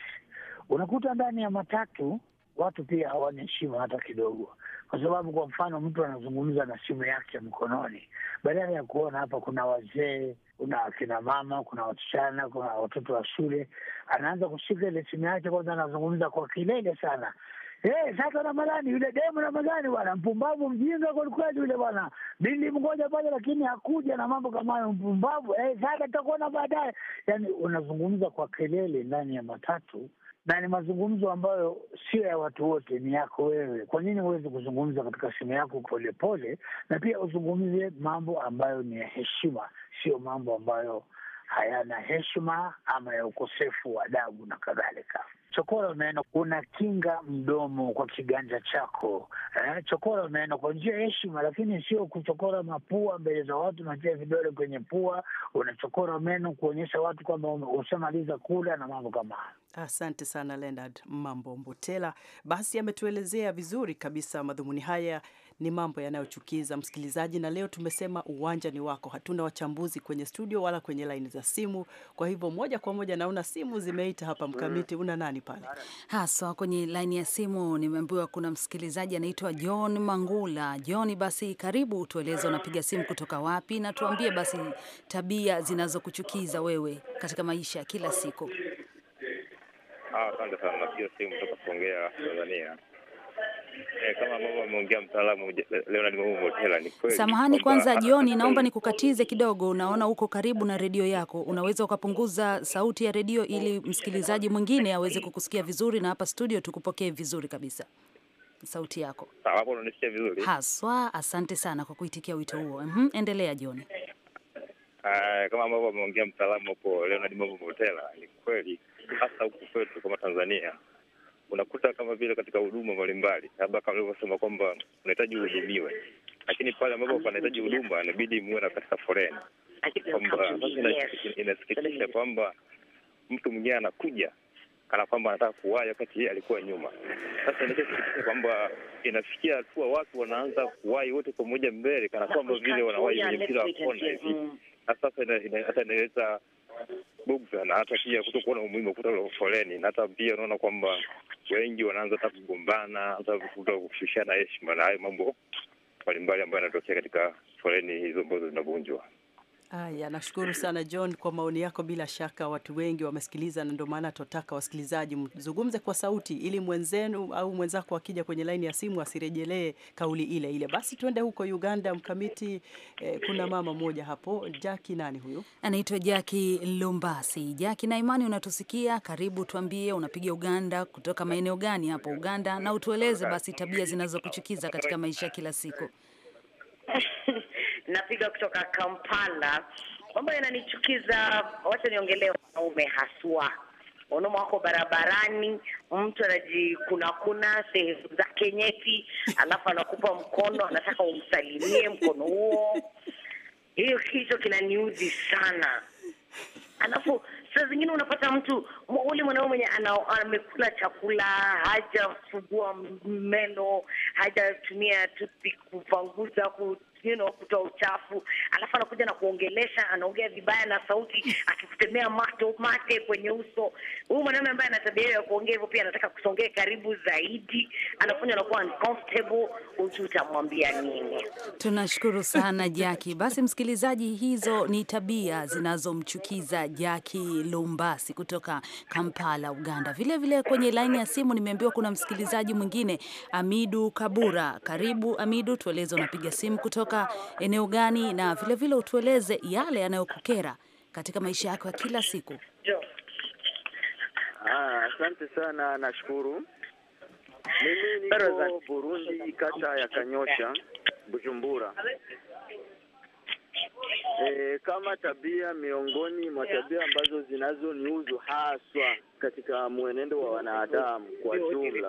Unakuta ndani ya matatu watu pia hawana heshima hata kidogo, kwa sababu kwa mfano mtu anazungumza na simu yake mkononi, badala ya kuona hapa kuna wazee, kuna akina mama, kuna wasichana, kuna watoto wa shule, anaanza kushika ile simu yake kwanza, anazungumza kwa kilele sana, Eh, sasa Ramadhani yule demu Ramadhani bwana mpumbavu mjinga kwa kweli yule bwana. Bili mgoja pale lakini hakuja na mambo kama hayo mpumbavu. Eh, sasa tutakuona baadaye. yani unazungumza kwa kelele ndani ya matatu na ni mazungumzo ambayo sio ya watu wote, ni yako wewe. Kwa nini huwezi kuzungumza katika simu yako polepole, na pia uzungumze mambo ambayo ni ya heshima, sio mambo ambayo hayana heshima ama ya ukosefu wa adabu na kadhalika. Chokora meno, unakinga mdomo kwa kiganja chako eh. Chokora meno kwa njia ya heshima, lakini sio kuchokora mapua mbele za watu, unatia vidole kwenye pua, unachokora meno kuonyesha watu kwamba ushamaliza kula na mambo kama hayo. Asante sana Leonard Mambo Mbotela, basi ametuelezea vizuri kabisa madhumuni haya ni mambo yanayochukiza msikilizaji. Na leo tumesema uwanja ni wako, hatuna wachambuzi kwenye studio wala kwenye laini za simu. Kwa hivyo moja kwa moja naona simu zimeita hapa. Mkamiti, una nani pale haswa? So, kwenye laini ya simu nimeambiwa kuna msikilizaji anaitwa John Mangula. John, basi karibu, tueleze unapiga simu kutoka wapi, na tuambie basi tabia zinazokuchukiza wewe katika maisha ya kila siku. Ah, asante sana, napiga simu kutoka Songea, Tanzania. Eh, kama ambavyo ameongea mtaalamu Leonard Mwambo Tela ni kweli. Samahani kwanza jioni, naomba nikukatize kidogo. Unaona uko karibu na redio yako, unaweza ukapunguza sauti ya redio ili msikilizaji mwingine aweze kukusikia vizuri, na hapa studio tukupokee vizuri kabisa sauti yako. Sawa, hapo unanisikia vizuri haswa. Asante sana kwa kuitikia wito huo. Mm -hmm, endelea jioni. Uh, kama ambavyo ameongea mtaalamu hapo Leonard Mwambo Tela ni kweli, hasa huku kwetu kama Tanzania unakuta kama vile katika huduma mbalimbali, labda kama ulivyosema kwamba unahitaji uhudumiwe, lakini pale ambapo panahitaji huduma inabidi muwe na katika foreni, kwamba inasikitisha kwamba mtu mwingine anakuja kana kwamba anataka kuwai wakati yeye alikuwa nyuma. Sasa inasikitisha kwamba inafikia hatua watu wanaanza kuwai wote pamoja mbele, kana kwamba vile wanawai kwenye mpira wa kona hivi. Sasa inaleta bugza na hata pia na umuhimu wa foreni foleni, na hata pia unaona kwamba wengi wanaanza hata kugombana, hata kuta kushushana heshima na hayo mambo mbalimbali ambayo yanatokea katika foleni hizo ambazo zinavunjwa. Haya, nashukuru sana John kwa maoni yako. Bila shaka watu wengi wamesikiliza, na ndio maana tutataka wasikilizaji mzungumze kwa sauti, ili mwenzenu au mwenzako akija kwenye laini ya simu asirejelee kauli ile ile. Basi tuende huko Uganda mkamiti. Eh, kuna mama mmoja hapo, Jaki nani huyu, anaitwa Jaki Lumbasi. Jaki na Imani, unatusikia? Karibu, tuambie unapiga Uganda kutoka maeneo gani hapo Uganda, na utueleze basi tabia zinazokuchukiza katika maisha ya kila siku napiga kutoka Kampala. Mambo yananichukiza, wacha niongelee wanaume haswa wanaume wako barabarani, mtu anajikunakuna sehemu zake nyeti, alafu anakupa mkono, anataka umsalimie mkono huo. Hiyo kicho kinaniudhi sana. Alafu saa zingine unapata mtu ule mwanaume mwenye amekula chakula, hajafugua meno, hajatumia tupi kupanguza, you know, kutoa uchafu, alafu anakuja na kuongelesha, anaongea vibaya na sauti, akikutemea mate, mate kwenye uso. Huyu mwanamume ambaye ana tabia ya kuongea hivyo, pia anataka kusongea karibu zaidi, anafanya anakuwa uncomfortable. Utu utamwambia nini? Tunashukuru sana Jaki. Basi msikilizaji, hizo ni tabia zinazomchukiza Jaki Lumbasi kutoka Kampala, Uganda. Vilevile vile kwenye laini ya simu nimeambiwa kuna msikilizaji mwingine Amidu Kabura. Karibu Amidu, tueleze unapiga simu kutoka kutoka eneo gani, na vilevile vile utueleze yale yanayokukera katika maisha yako ya kila siku. Ah, asante ah, sana. Nashukuru. Mimi niko Burundi, kata ya Kanyosha, Bujumbura. E, kama tabia miongoni mwa tabia ambazo zinazoniuzu haswa katika mwenendo wa wanadamu kwa jumla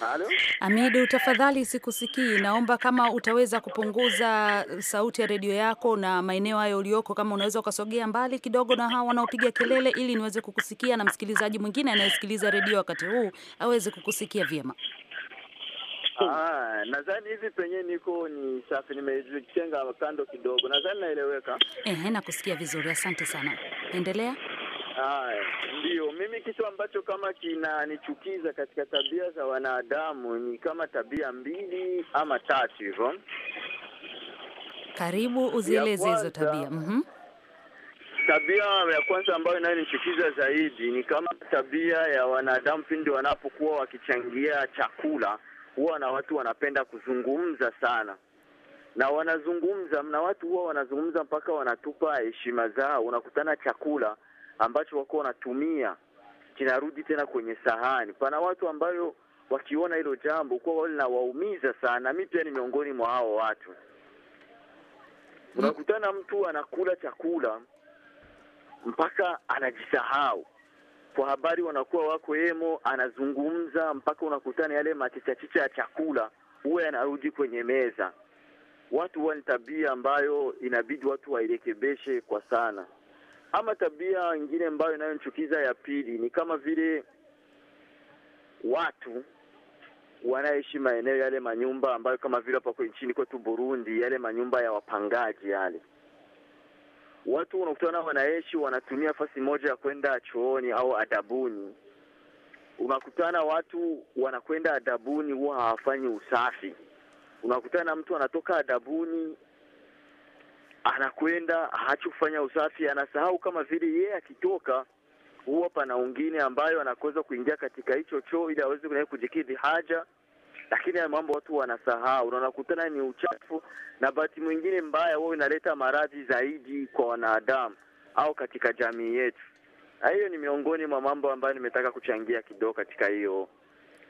Halo? Amidu, tafadhali sikusikii. Naomba kama utaweza kupunguza sauti ya redio yako na maeneo hayo ulioko, kama unaweza ukasogea mbali kidogo na hawa wanaopiga kelele, ili niweze kukusikia na msikilizaji mwingine anayesikiliza redio wakati huu aweze kukusikia vyema. Ah, nadhani hivi penye niko ni safi, nimejitenga kando kidogo, nadhani naeleweka. Ehe, nakusikia vizuri, asante sana, endelea. Haya, ndio mimi, kitu ambacho kama kinanichukiza katika tabia za wanadamu ni kama tabia mbili ama tatu hivyo. Karibu uzieleze hizo tabia. mm -hmm. Tabia ya kwanza ambayo inayonichukiza zaidi ni kama tabia ya wanadamu pindi wanapokuwa wakichangia chakula, huwa na watu wanapenda kuzungumza sana na wanazungumza na watu huwa wanazungumza mpaka wanatupa heshima zao. Unakutana chakula ambacho wako wanatumia kinarudi tena kwenye sahani. Pana watu ambayo wakiona hilo jambo kuwa wale linawaumiza sana. Mi pia ni miongoni mwa hao watu. Unakutana mtu anakula chakula mpaka anajisahau kwa habari, wanakuwa wako yemo, anazungumza mpaka unakutana yale machichachicha ya chakula huwa yanarudi kwenye meza. Watu huwa ni tabia ambayo inabidi watu wairekebeshe kwa sana. Ama tabia nyingine ambayo inayonchukiza ya pili ni kama vile watu wanaishi maeneo yale manyumba ambayo kama vile hapa nchini kwetu Burundi, yale manyumba ya wapangaji yale, watu unakutana nao wanaishi, wanatumia fasi moja ya kwenda chooni au adabuni. Unakutana watu wanakwenda adabuni, huwa hawafanyi usafi. Unakutana mtu anatoka adabuni anakwenda kufanya usafi, anasahau kama vile yeye akitoka huwa pana wengine ambayo anaweza kuingia katika hicho choo ili aweze kunae kujikidhi haja, lakini haya mambo watu wanasahau, na nakutana ni uchafu, na bahati mwingine mbaya huwa inaleta maradhi zaidi kwa wanadamu au katika jamii yetu. Hiyo ni miongoni mwa mambo ambayo nimetaka kuchangia kidogo katika hiyo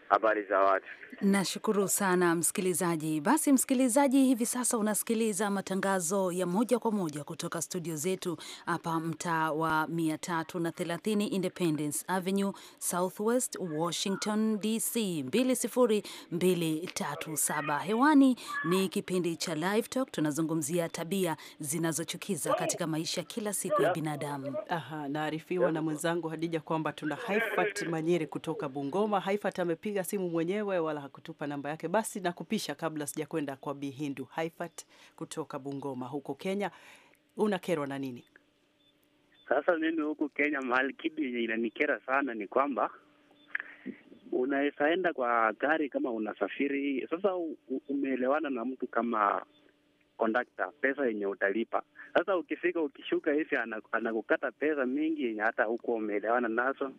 habari za watu. Nashukuru sana msikilizaji. Basi msikilizaji, hivi sasa unasikiliza matangazo ya moja kwa moja kutoka studio zetu hapa mtaa wa 330 Independence Avenue, Southwest Washington DC 20237. Hewani ni kipindi cha Live Talk, tunazungumzia tabia zinazochukiza katika maisha kila siku ya binadamu. Aha, naarifiwa na mwenzangu Hadija kwamba tuna Haifat Manyere kutoka Bungoma. Haifat amepiga hakupiga simu mwenyewe wala hakutupa namba yake. Basi nakupisha kabla sijakwenda kwa Bihindu Haifat kutoka Bungoma huko Kenya. Unakerwa na nini sasa? Mimi huku Kenya mahali kitu yenye inanikera sana ni kwamba unawezaenda kwa gari kama unasafiri sasa, umeelewana na mtu kama kondakta, pesa yenye utalipa sasa ukifika ukishuka hivi anakukata pesa mingi yenye hata huko umeelewana nazo,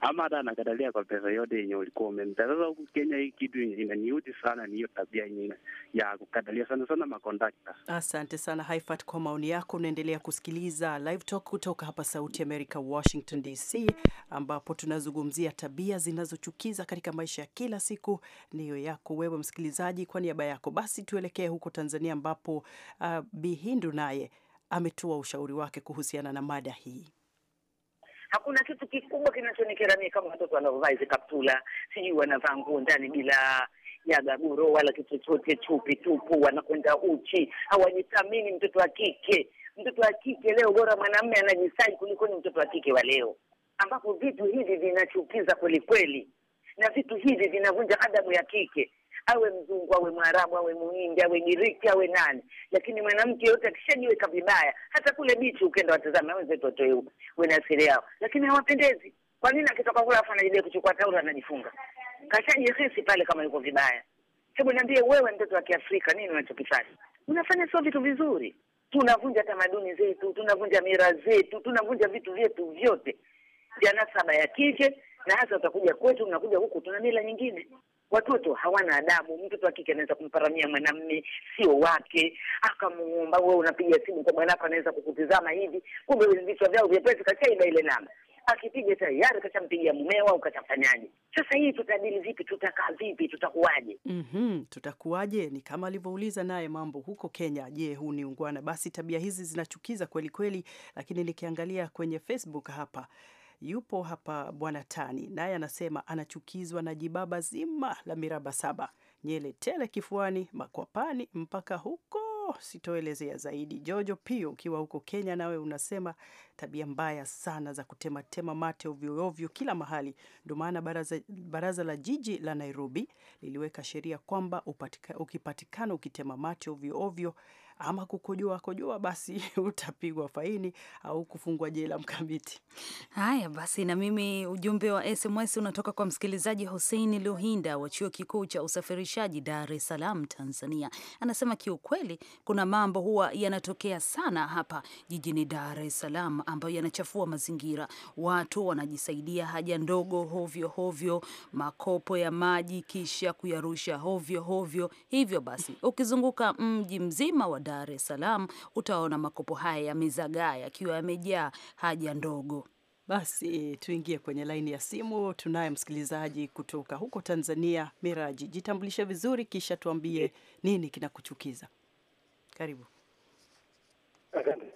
ama hata anakatalia kwa pesa yote yenye ulikuwa umemta. Sasa huku Kenya hii kitu inaniudhi sana, ni hiyo tabia yenye ya kukatalia sana sana makondakta. Asante sana Haifat kwa maoni yako. Unaendelea kusikiliza Live Talk kutoka hapa Sauti America, Washington DC, ambapo tunazungumzia tabia zinazochukiza katika maisha ya kila siku. Ni Niyo yako wewe msikilizaji, kwa niaba yako basi tuelekee huko Tanzania ambapo uh, ah, Bihindu naye ametoa ushauri wake kuhusiana na mada hii. Hakuna kitu kikubwa kinachonikera kama watoto wanaovaa hizi kaptula, sijui wanavaa nguo ndani bila yaga guro wala kitu chochote, chupi tupu, wanakwenda uchi, hawajithamini. Mtoto wa kike, mtoto wa kike leo bora mwanamume anajisai kuliko ni mtoto wa kike wa leo, ambapo vitu hivi vinachukiza kweli kweli, na vitu hivi vinavunja adabu ya kike awe mzungu awe mwarabu awe muhindi awe giriki awe nani, lakini mwanamke yote akishajiweka vibaya, hata kule bichi ukenda watazama wenzetu watoeupe wenasiri yao, lakini hawapendezi. Kwa nini akitoka kule afu anajidai kuchukua tauro anajifunga? Kashajihisi pale kama yuko vibaya. Hebu niambie wewe, mtoto wa Kiafrika, nini unachokifanya? Unafanya sio vitu vizuri. Tunavunja tamaduni zetu, tunavunja mira zetu, tunavunja vitu vyetu vyote vya nasaba ya kike, na hasa utakuja kwetu, unakuja huku tuna mila nyingine Watoto hawana adabu. Mtoto wa kike anaweza kumparamia mwanamme sio wake, akamuomba wewe, unapiga simu kwa mwanako, anaweza kukutizama hivi, kumbe vichwa vyao vyepesi, kachaiba ile namba akipiga tayari kachampigia mumeo au kachafanyaje? Sasa hii tutadili vipi? Tutakaa vipi? Tutakuwaje? mm -hmm. Tutakuwaje? Ni kama alivyouliza naye mambo huko Kenya. Je, huu ni ungwana? Basi tabia hizi zinachukiza kweli kweli, lakini nikiangalia kwenye Facebook hapa yupo hapa Bwana Tani, naye anasema anachukizwa na jibaba zima la miraba saba, nyele tele kifuani, makwapani mpaka huko sitoelezea zaidi. Jojo Pio, ukiwa huko Kenya, nawe unasema tabia mbaya sana za kutematema mate ovyoovyo kila mahali. Ndio maana baraza, baraza la jiji la Nairobi liliweka sheria kwamba ukipatikana ukitema mate ovyoovyo ama kukojoa kojoa, basi utapigwa faini au kufungwa jela mkamiti. Haya basi, na mimi ujumbe wa SMS unatoka kwa msikilizaji husein Luhinda wa chuo kikuu cha usafirishaji Dar es Salaam, Tanzania. Anasema kiukweli, kuna mambo huwa yanatokea sana hapa jijini Dar es Salaam ambayo yanachafua mazingira. Watu wanajisaidia haja ndogo hovyo hovyo, makopo ya maji kisha kuyarusha hovyo hovyo. Hivyo basi ukizunguka mji mzima wa Dar Dar es Salaam, utaona makopo haya yamezagaa yakiwa yamejaa haja ndogo. Basi tuingie kwenye laini ya simu. Tunaye msikilizaji kutoka huko Tanzania. Miraji, jitambulishe vizuri, kisha tuambie nini kinakuchukiza. Karibu. Asante.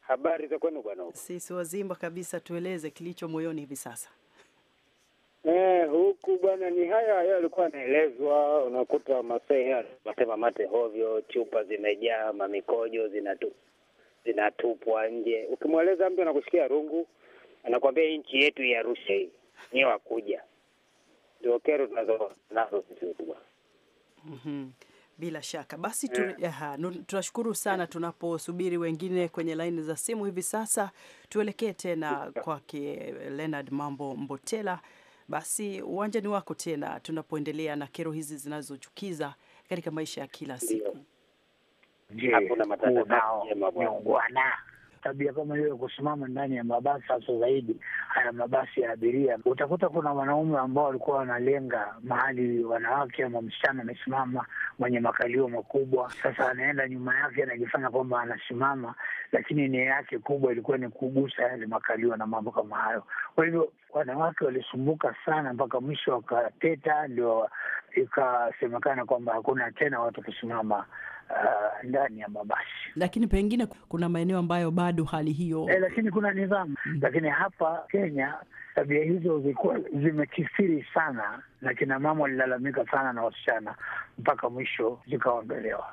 Habari za kwenu bwana? Sisi wazima kabisa, tueleze kilicho moyoni hivi sasa. Eh, huku bwana ni haya haya alikuwa anaelezwa, unakuta masehe anasema mate hovyo, chupa zimejaa, mamikojo zinatu, zinatupwa nje. Ukimweleza mtu anakushikia rungu, anakuambia nchi yetu ya Arusha hii ni wakuja, ndio kero tunazonazo sisi huku mm-hmm. Bila shaka basi eh. tu, yeah. Tunashukuru sana. Tunaposubiri wengine kwenye laini za simu hivi sasa, tuelekee tena kwake Leonard Mambo Mbotela basi uwanja ni wako tena, tunapoendelea na kero hizi zinazochukiza katika maisha ya kila siku. Ungwana tabia kama hiyo ya kusimama ndani ya mabasi, hasa zaidi haya mabasi ya abiria, utakuta kuna wanaume ambao walikuwa wanalenga mahali wanawake ama msichana amesimama mwenye makalio makubwa. Sasa anaenda nyuma yake, anajifanya kwamba anasimama, lakini nia yake kubwa ilikuwa ni kugusa yale makalio na mambo kama hayo. Kwa hivyo wanawake walisumbuka sana mpaka mwisho wakateta, ndio ikasemekana kwamba hakuna tena watu kusimama Uh, ndani ya mabasi, lakini pengine kuna maeneo ambayo bado hali hiyo e, lakini kuna nidhamu mm. Lakini hapa Kenya tabia hizo zilikuwa zimekithiri sana, na kina mama walilalamika sana na wasichana, mpaka mwisho zikaondolewa.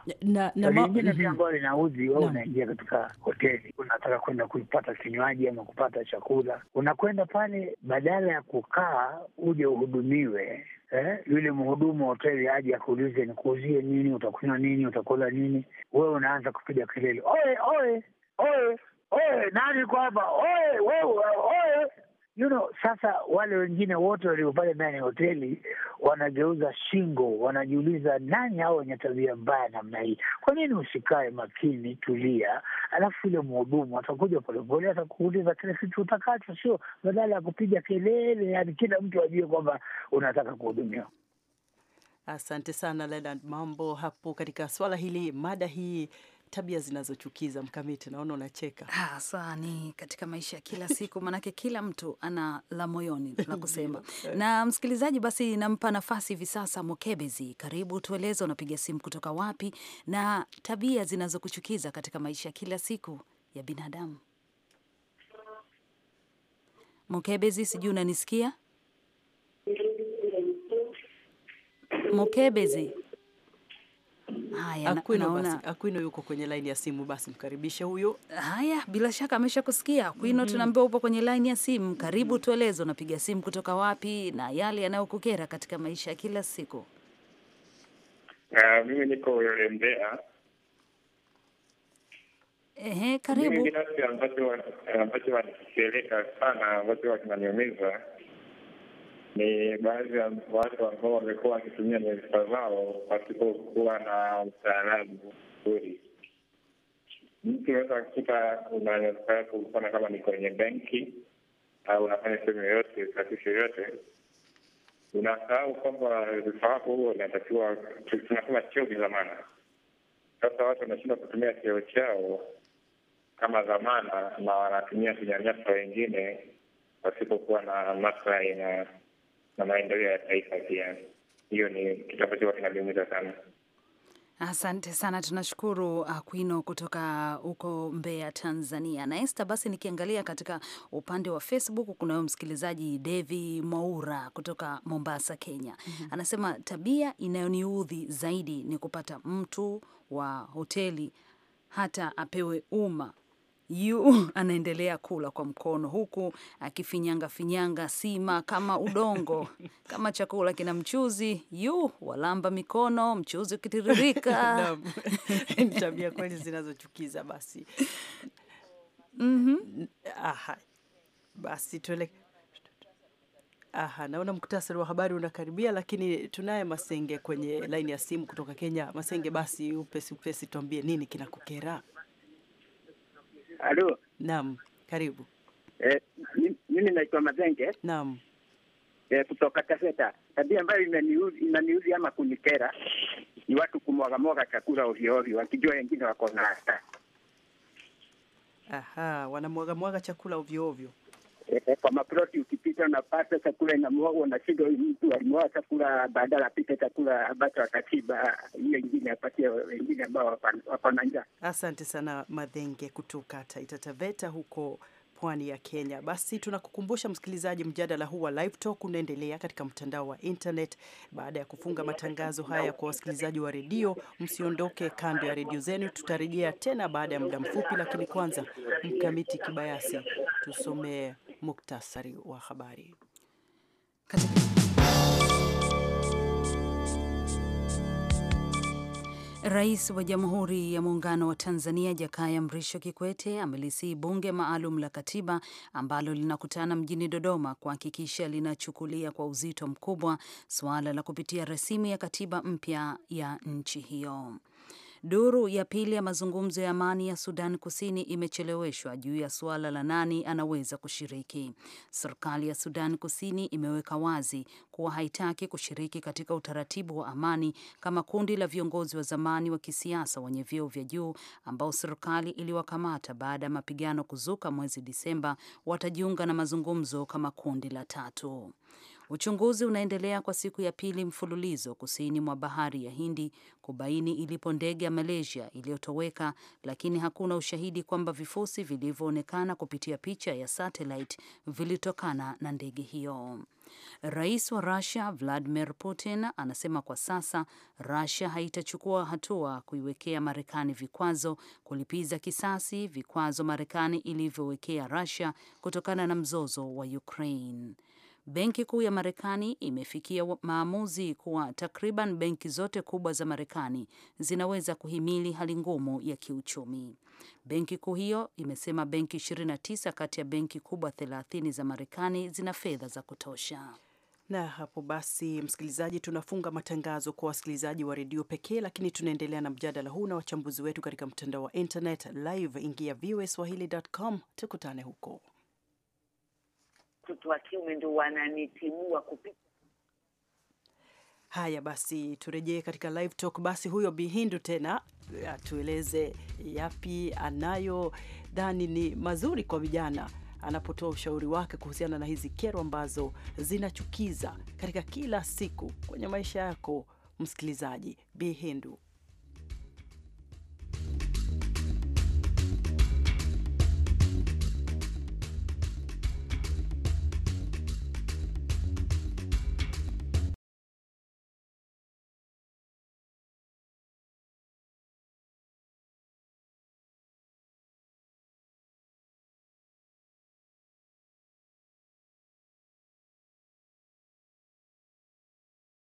Lingine pia mhm. ambayo linaudhi, wewe unaingia katika hoteli, unataka kwenda kuipata kinywaji ama kupata chakula, unakwenda pale, badala ya kukaa uje uhudumiwe Eh, yule mhudumu wa hoteli aje akuulize nikuuzie nini, utakunywa nini, utakula nini, wewe unaanza kupiga kelele, oe oe oe oe, nani kwa hapa, oe wewe, oe you know, sasa wale wengine wote walio pale ndani ya hoteli wanageuza shingo, wanajiuliza nani hao wenye tabia mbaya namna hii? Kwa nini usikae makini, tulia, alafu yule mhudumu atakuja polepole, atakuuliza kile kitu utakacho, sio badala ya kupiga kelele, yani kila mtu ajue kwamba unataka kuhudumiwa. Asante sana Leonard Mambo hapo katika swala hili, mada hii tabia zinazochukiza Mkamiti? Naona unacheka hasa, ah, ni katika maisha ya kila siku, maanake kila mtu ana la moyoni la kusema. na msikilizaji, basi nampa nafasi hivi sasa. Mokebezi, karibu, tueleze unapiga simu kutoka wapi na tabia zinazokuchukiza katika maisha ya kila siku ya binadamu. Mokebezi, sijui unanisikia Mokebezi? Haya, Akwino, naona... basi Akwino yuko kwenye laini ya simu, basi mkaribishe huyo. Haya, bila shaka amesha kusikia Akwino. mm -hmm. Tunaambiwa upo kwenye laini ya simu, karibu. mm -hmm. Tueleze unapiga simu kutoka wapi na yale yanayokukera katika maisha ya kila siku. Uh, mimi niko Mbeya. Ehe, karibu. Mimi ambacho wanakipeleka sana ambacho kinaniumiza ni baadhi ya watu ambao wamekuwa wakitumia nyarifa zao kuwa na utaalamu mzuri. Mtu unaweza kukuta una nyarifa yako, mfano kama ni kwenye benki au unafanya sehemu yoyote, taasisi yoyote, unasahau kwamba nyadhifa wako huo unatakiwa, tunasema cheo ni dhamana. Sasa watu wanashindwa kutumia cheo chao kama dhamana, na wanatumia kunyanyasa wengine pasipokuwa na maslahi na na maendeleo ya taifa pia. Hiyo ni kitu ambacho kinaliumiza sana. Asante sana, tunashukuru Akwino uh, kutoka huko Mbeya, Tanzania. Na Esta, basi nikiangalia katika upande wa Facebook kunayo msikilizaji Devi Mwaura kutoka Mombasa, Kenya. Mhm. Anasema tabia inayoniudhi zaidi ni kupata mtu wa hoteli hata apewe umma yu anaendelea kula kwa mkono huku akifinyanga finyanga sima kama udongo. Kama chakula kina mchuzi, yu walamba mikono, mchuzi ukitiririka. Ni tabia kweli zinazochukiza. Basi mm -hmm. Aha, basi tuele Aha, naona muktasari wa habari unakaribia, lakini tunaye Masenge kwenye laini ya simu kutoka Kenya. Masenge, basi upesi upesi tuambie nini kinakukera? Halo. Naam, karibu. Eh, mimi naitwa Mazenge. Naam. Eh, kutoka Kaseta. Tabia ambayo inaniuzi inaniuzi ama kunikera ni watu kumwaga mwaga chakula ovyo ovyo wakijua wengine wako na hata. Aha, wanamwaga mwaga chakula ovyo ovyo. Eh, kwa maploti ukipita unapata chakula inamwagwa, nashindwa mtu alimwaga chakula, badala apike chakula ambacho atashiba, hiyo ingine apatie wengine ambao wako na njaa. Asante sana Madhenge kutoka Taita Taveta huko pwani ya Kenya. Basi tunakukumbusha msikilizaji, mjadala huu wa Live unaendelea katika mtandao wa internet. Baada ya kufunga matangazo haya kwa wasikilizaji wa redio, msiondoke kando ya redio zenu, tutarejea tena baada ya muda mfupi, lakini kwanza Mkamiti Kibayasi tusomee muktasari wa habari. Rais wa Jamhuri ya Muungano wa Tanzania Jakaya Mrisho Kikwete amelisihi bunge maalum la katiba ambalo linakutana mjini Dodoma kuhakikisha linachukulia kwa uzito mkubwa suala la kupitia rasimu ya katiba mpya ya nchi hiyo. Duru ya pili ya mazungumzo ya amani ya Sudan Kusini imecheleweshwa juu ya suala la nani anaweza kushiriki. Serikali ya Sudan Kusini imeweka wazi kuwa haitaki kushiriki katika utaratibu wa amani kama kundi la viongozi wa zamani wa kisiasa wenye vyeo vya juu ambao serikali iliwakamata baada ya mapigano kuzuka mwezi Disemba watajiunga na mazungumzo kama kundi la tatu. Uchunguzi unaendelea kwa siku ya pili mfululizo kusini mwa bahari ya Hindi kubaini ilipo ndege ya Malaysia iliyotoweka, lakini hakuna ushahidi kwamba vifusi vilivyoonekana kupitia picha ya satellite vilitokana na ndege hiyo. Rais wa Russia Vladimir Putin anasema kwa sasa Rusia haitachukua hatua kuiwekea Marekani vikwazo kulipiza kisasi vikwazo Marekani ilivyowekea Rusia kutokana na mzozo wa Ukraine. Benki Kuu ya Marekani imefikia maamuzi kuwa takriban benki zote kubwa za Marekani zinaweza kuhimili hali ngumu ya kiuchumi. Benki kuu hiyo imesema benki 29 kati ya benki kubwa 30 za Marekani zina fedha za kutosha. Na hapo basi, msikilizaji, tunafunga matangazo kwa wasikilizaji wa redio pekee, lakini tunaendelea na mjadala huu na wachambuzi wetu katika mtandao wa internet live. Ingia voaswahili.com, tukutane huko watoto wa kiume ndo wananitimua kupita. Haya basi, turejee katika live talk. Basi huyo Bihindu tena atueleze yapi anayo dhani ni mazuri kwa vijana anapotoa ushauri wake kuhusiana na hizi kero ambazo zinachukiza katika kila siku kwenye maisha yako, msikilizaji. Bihindu.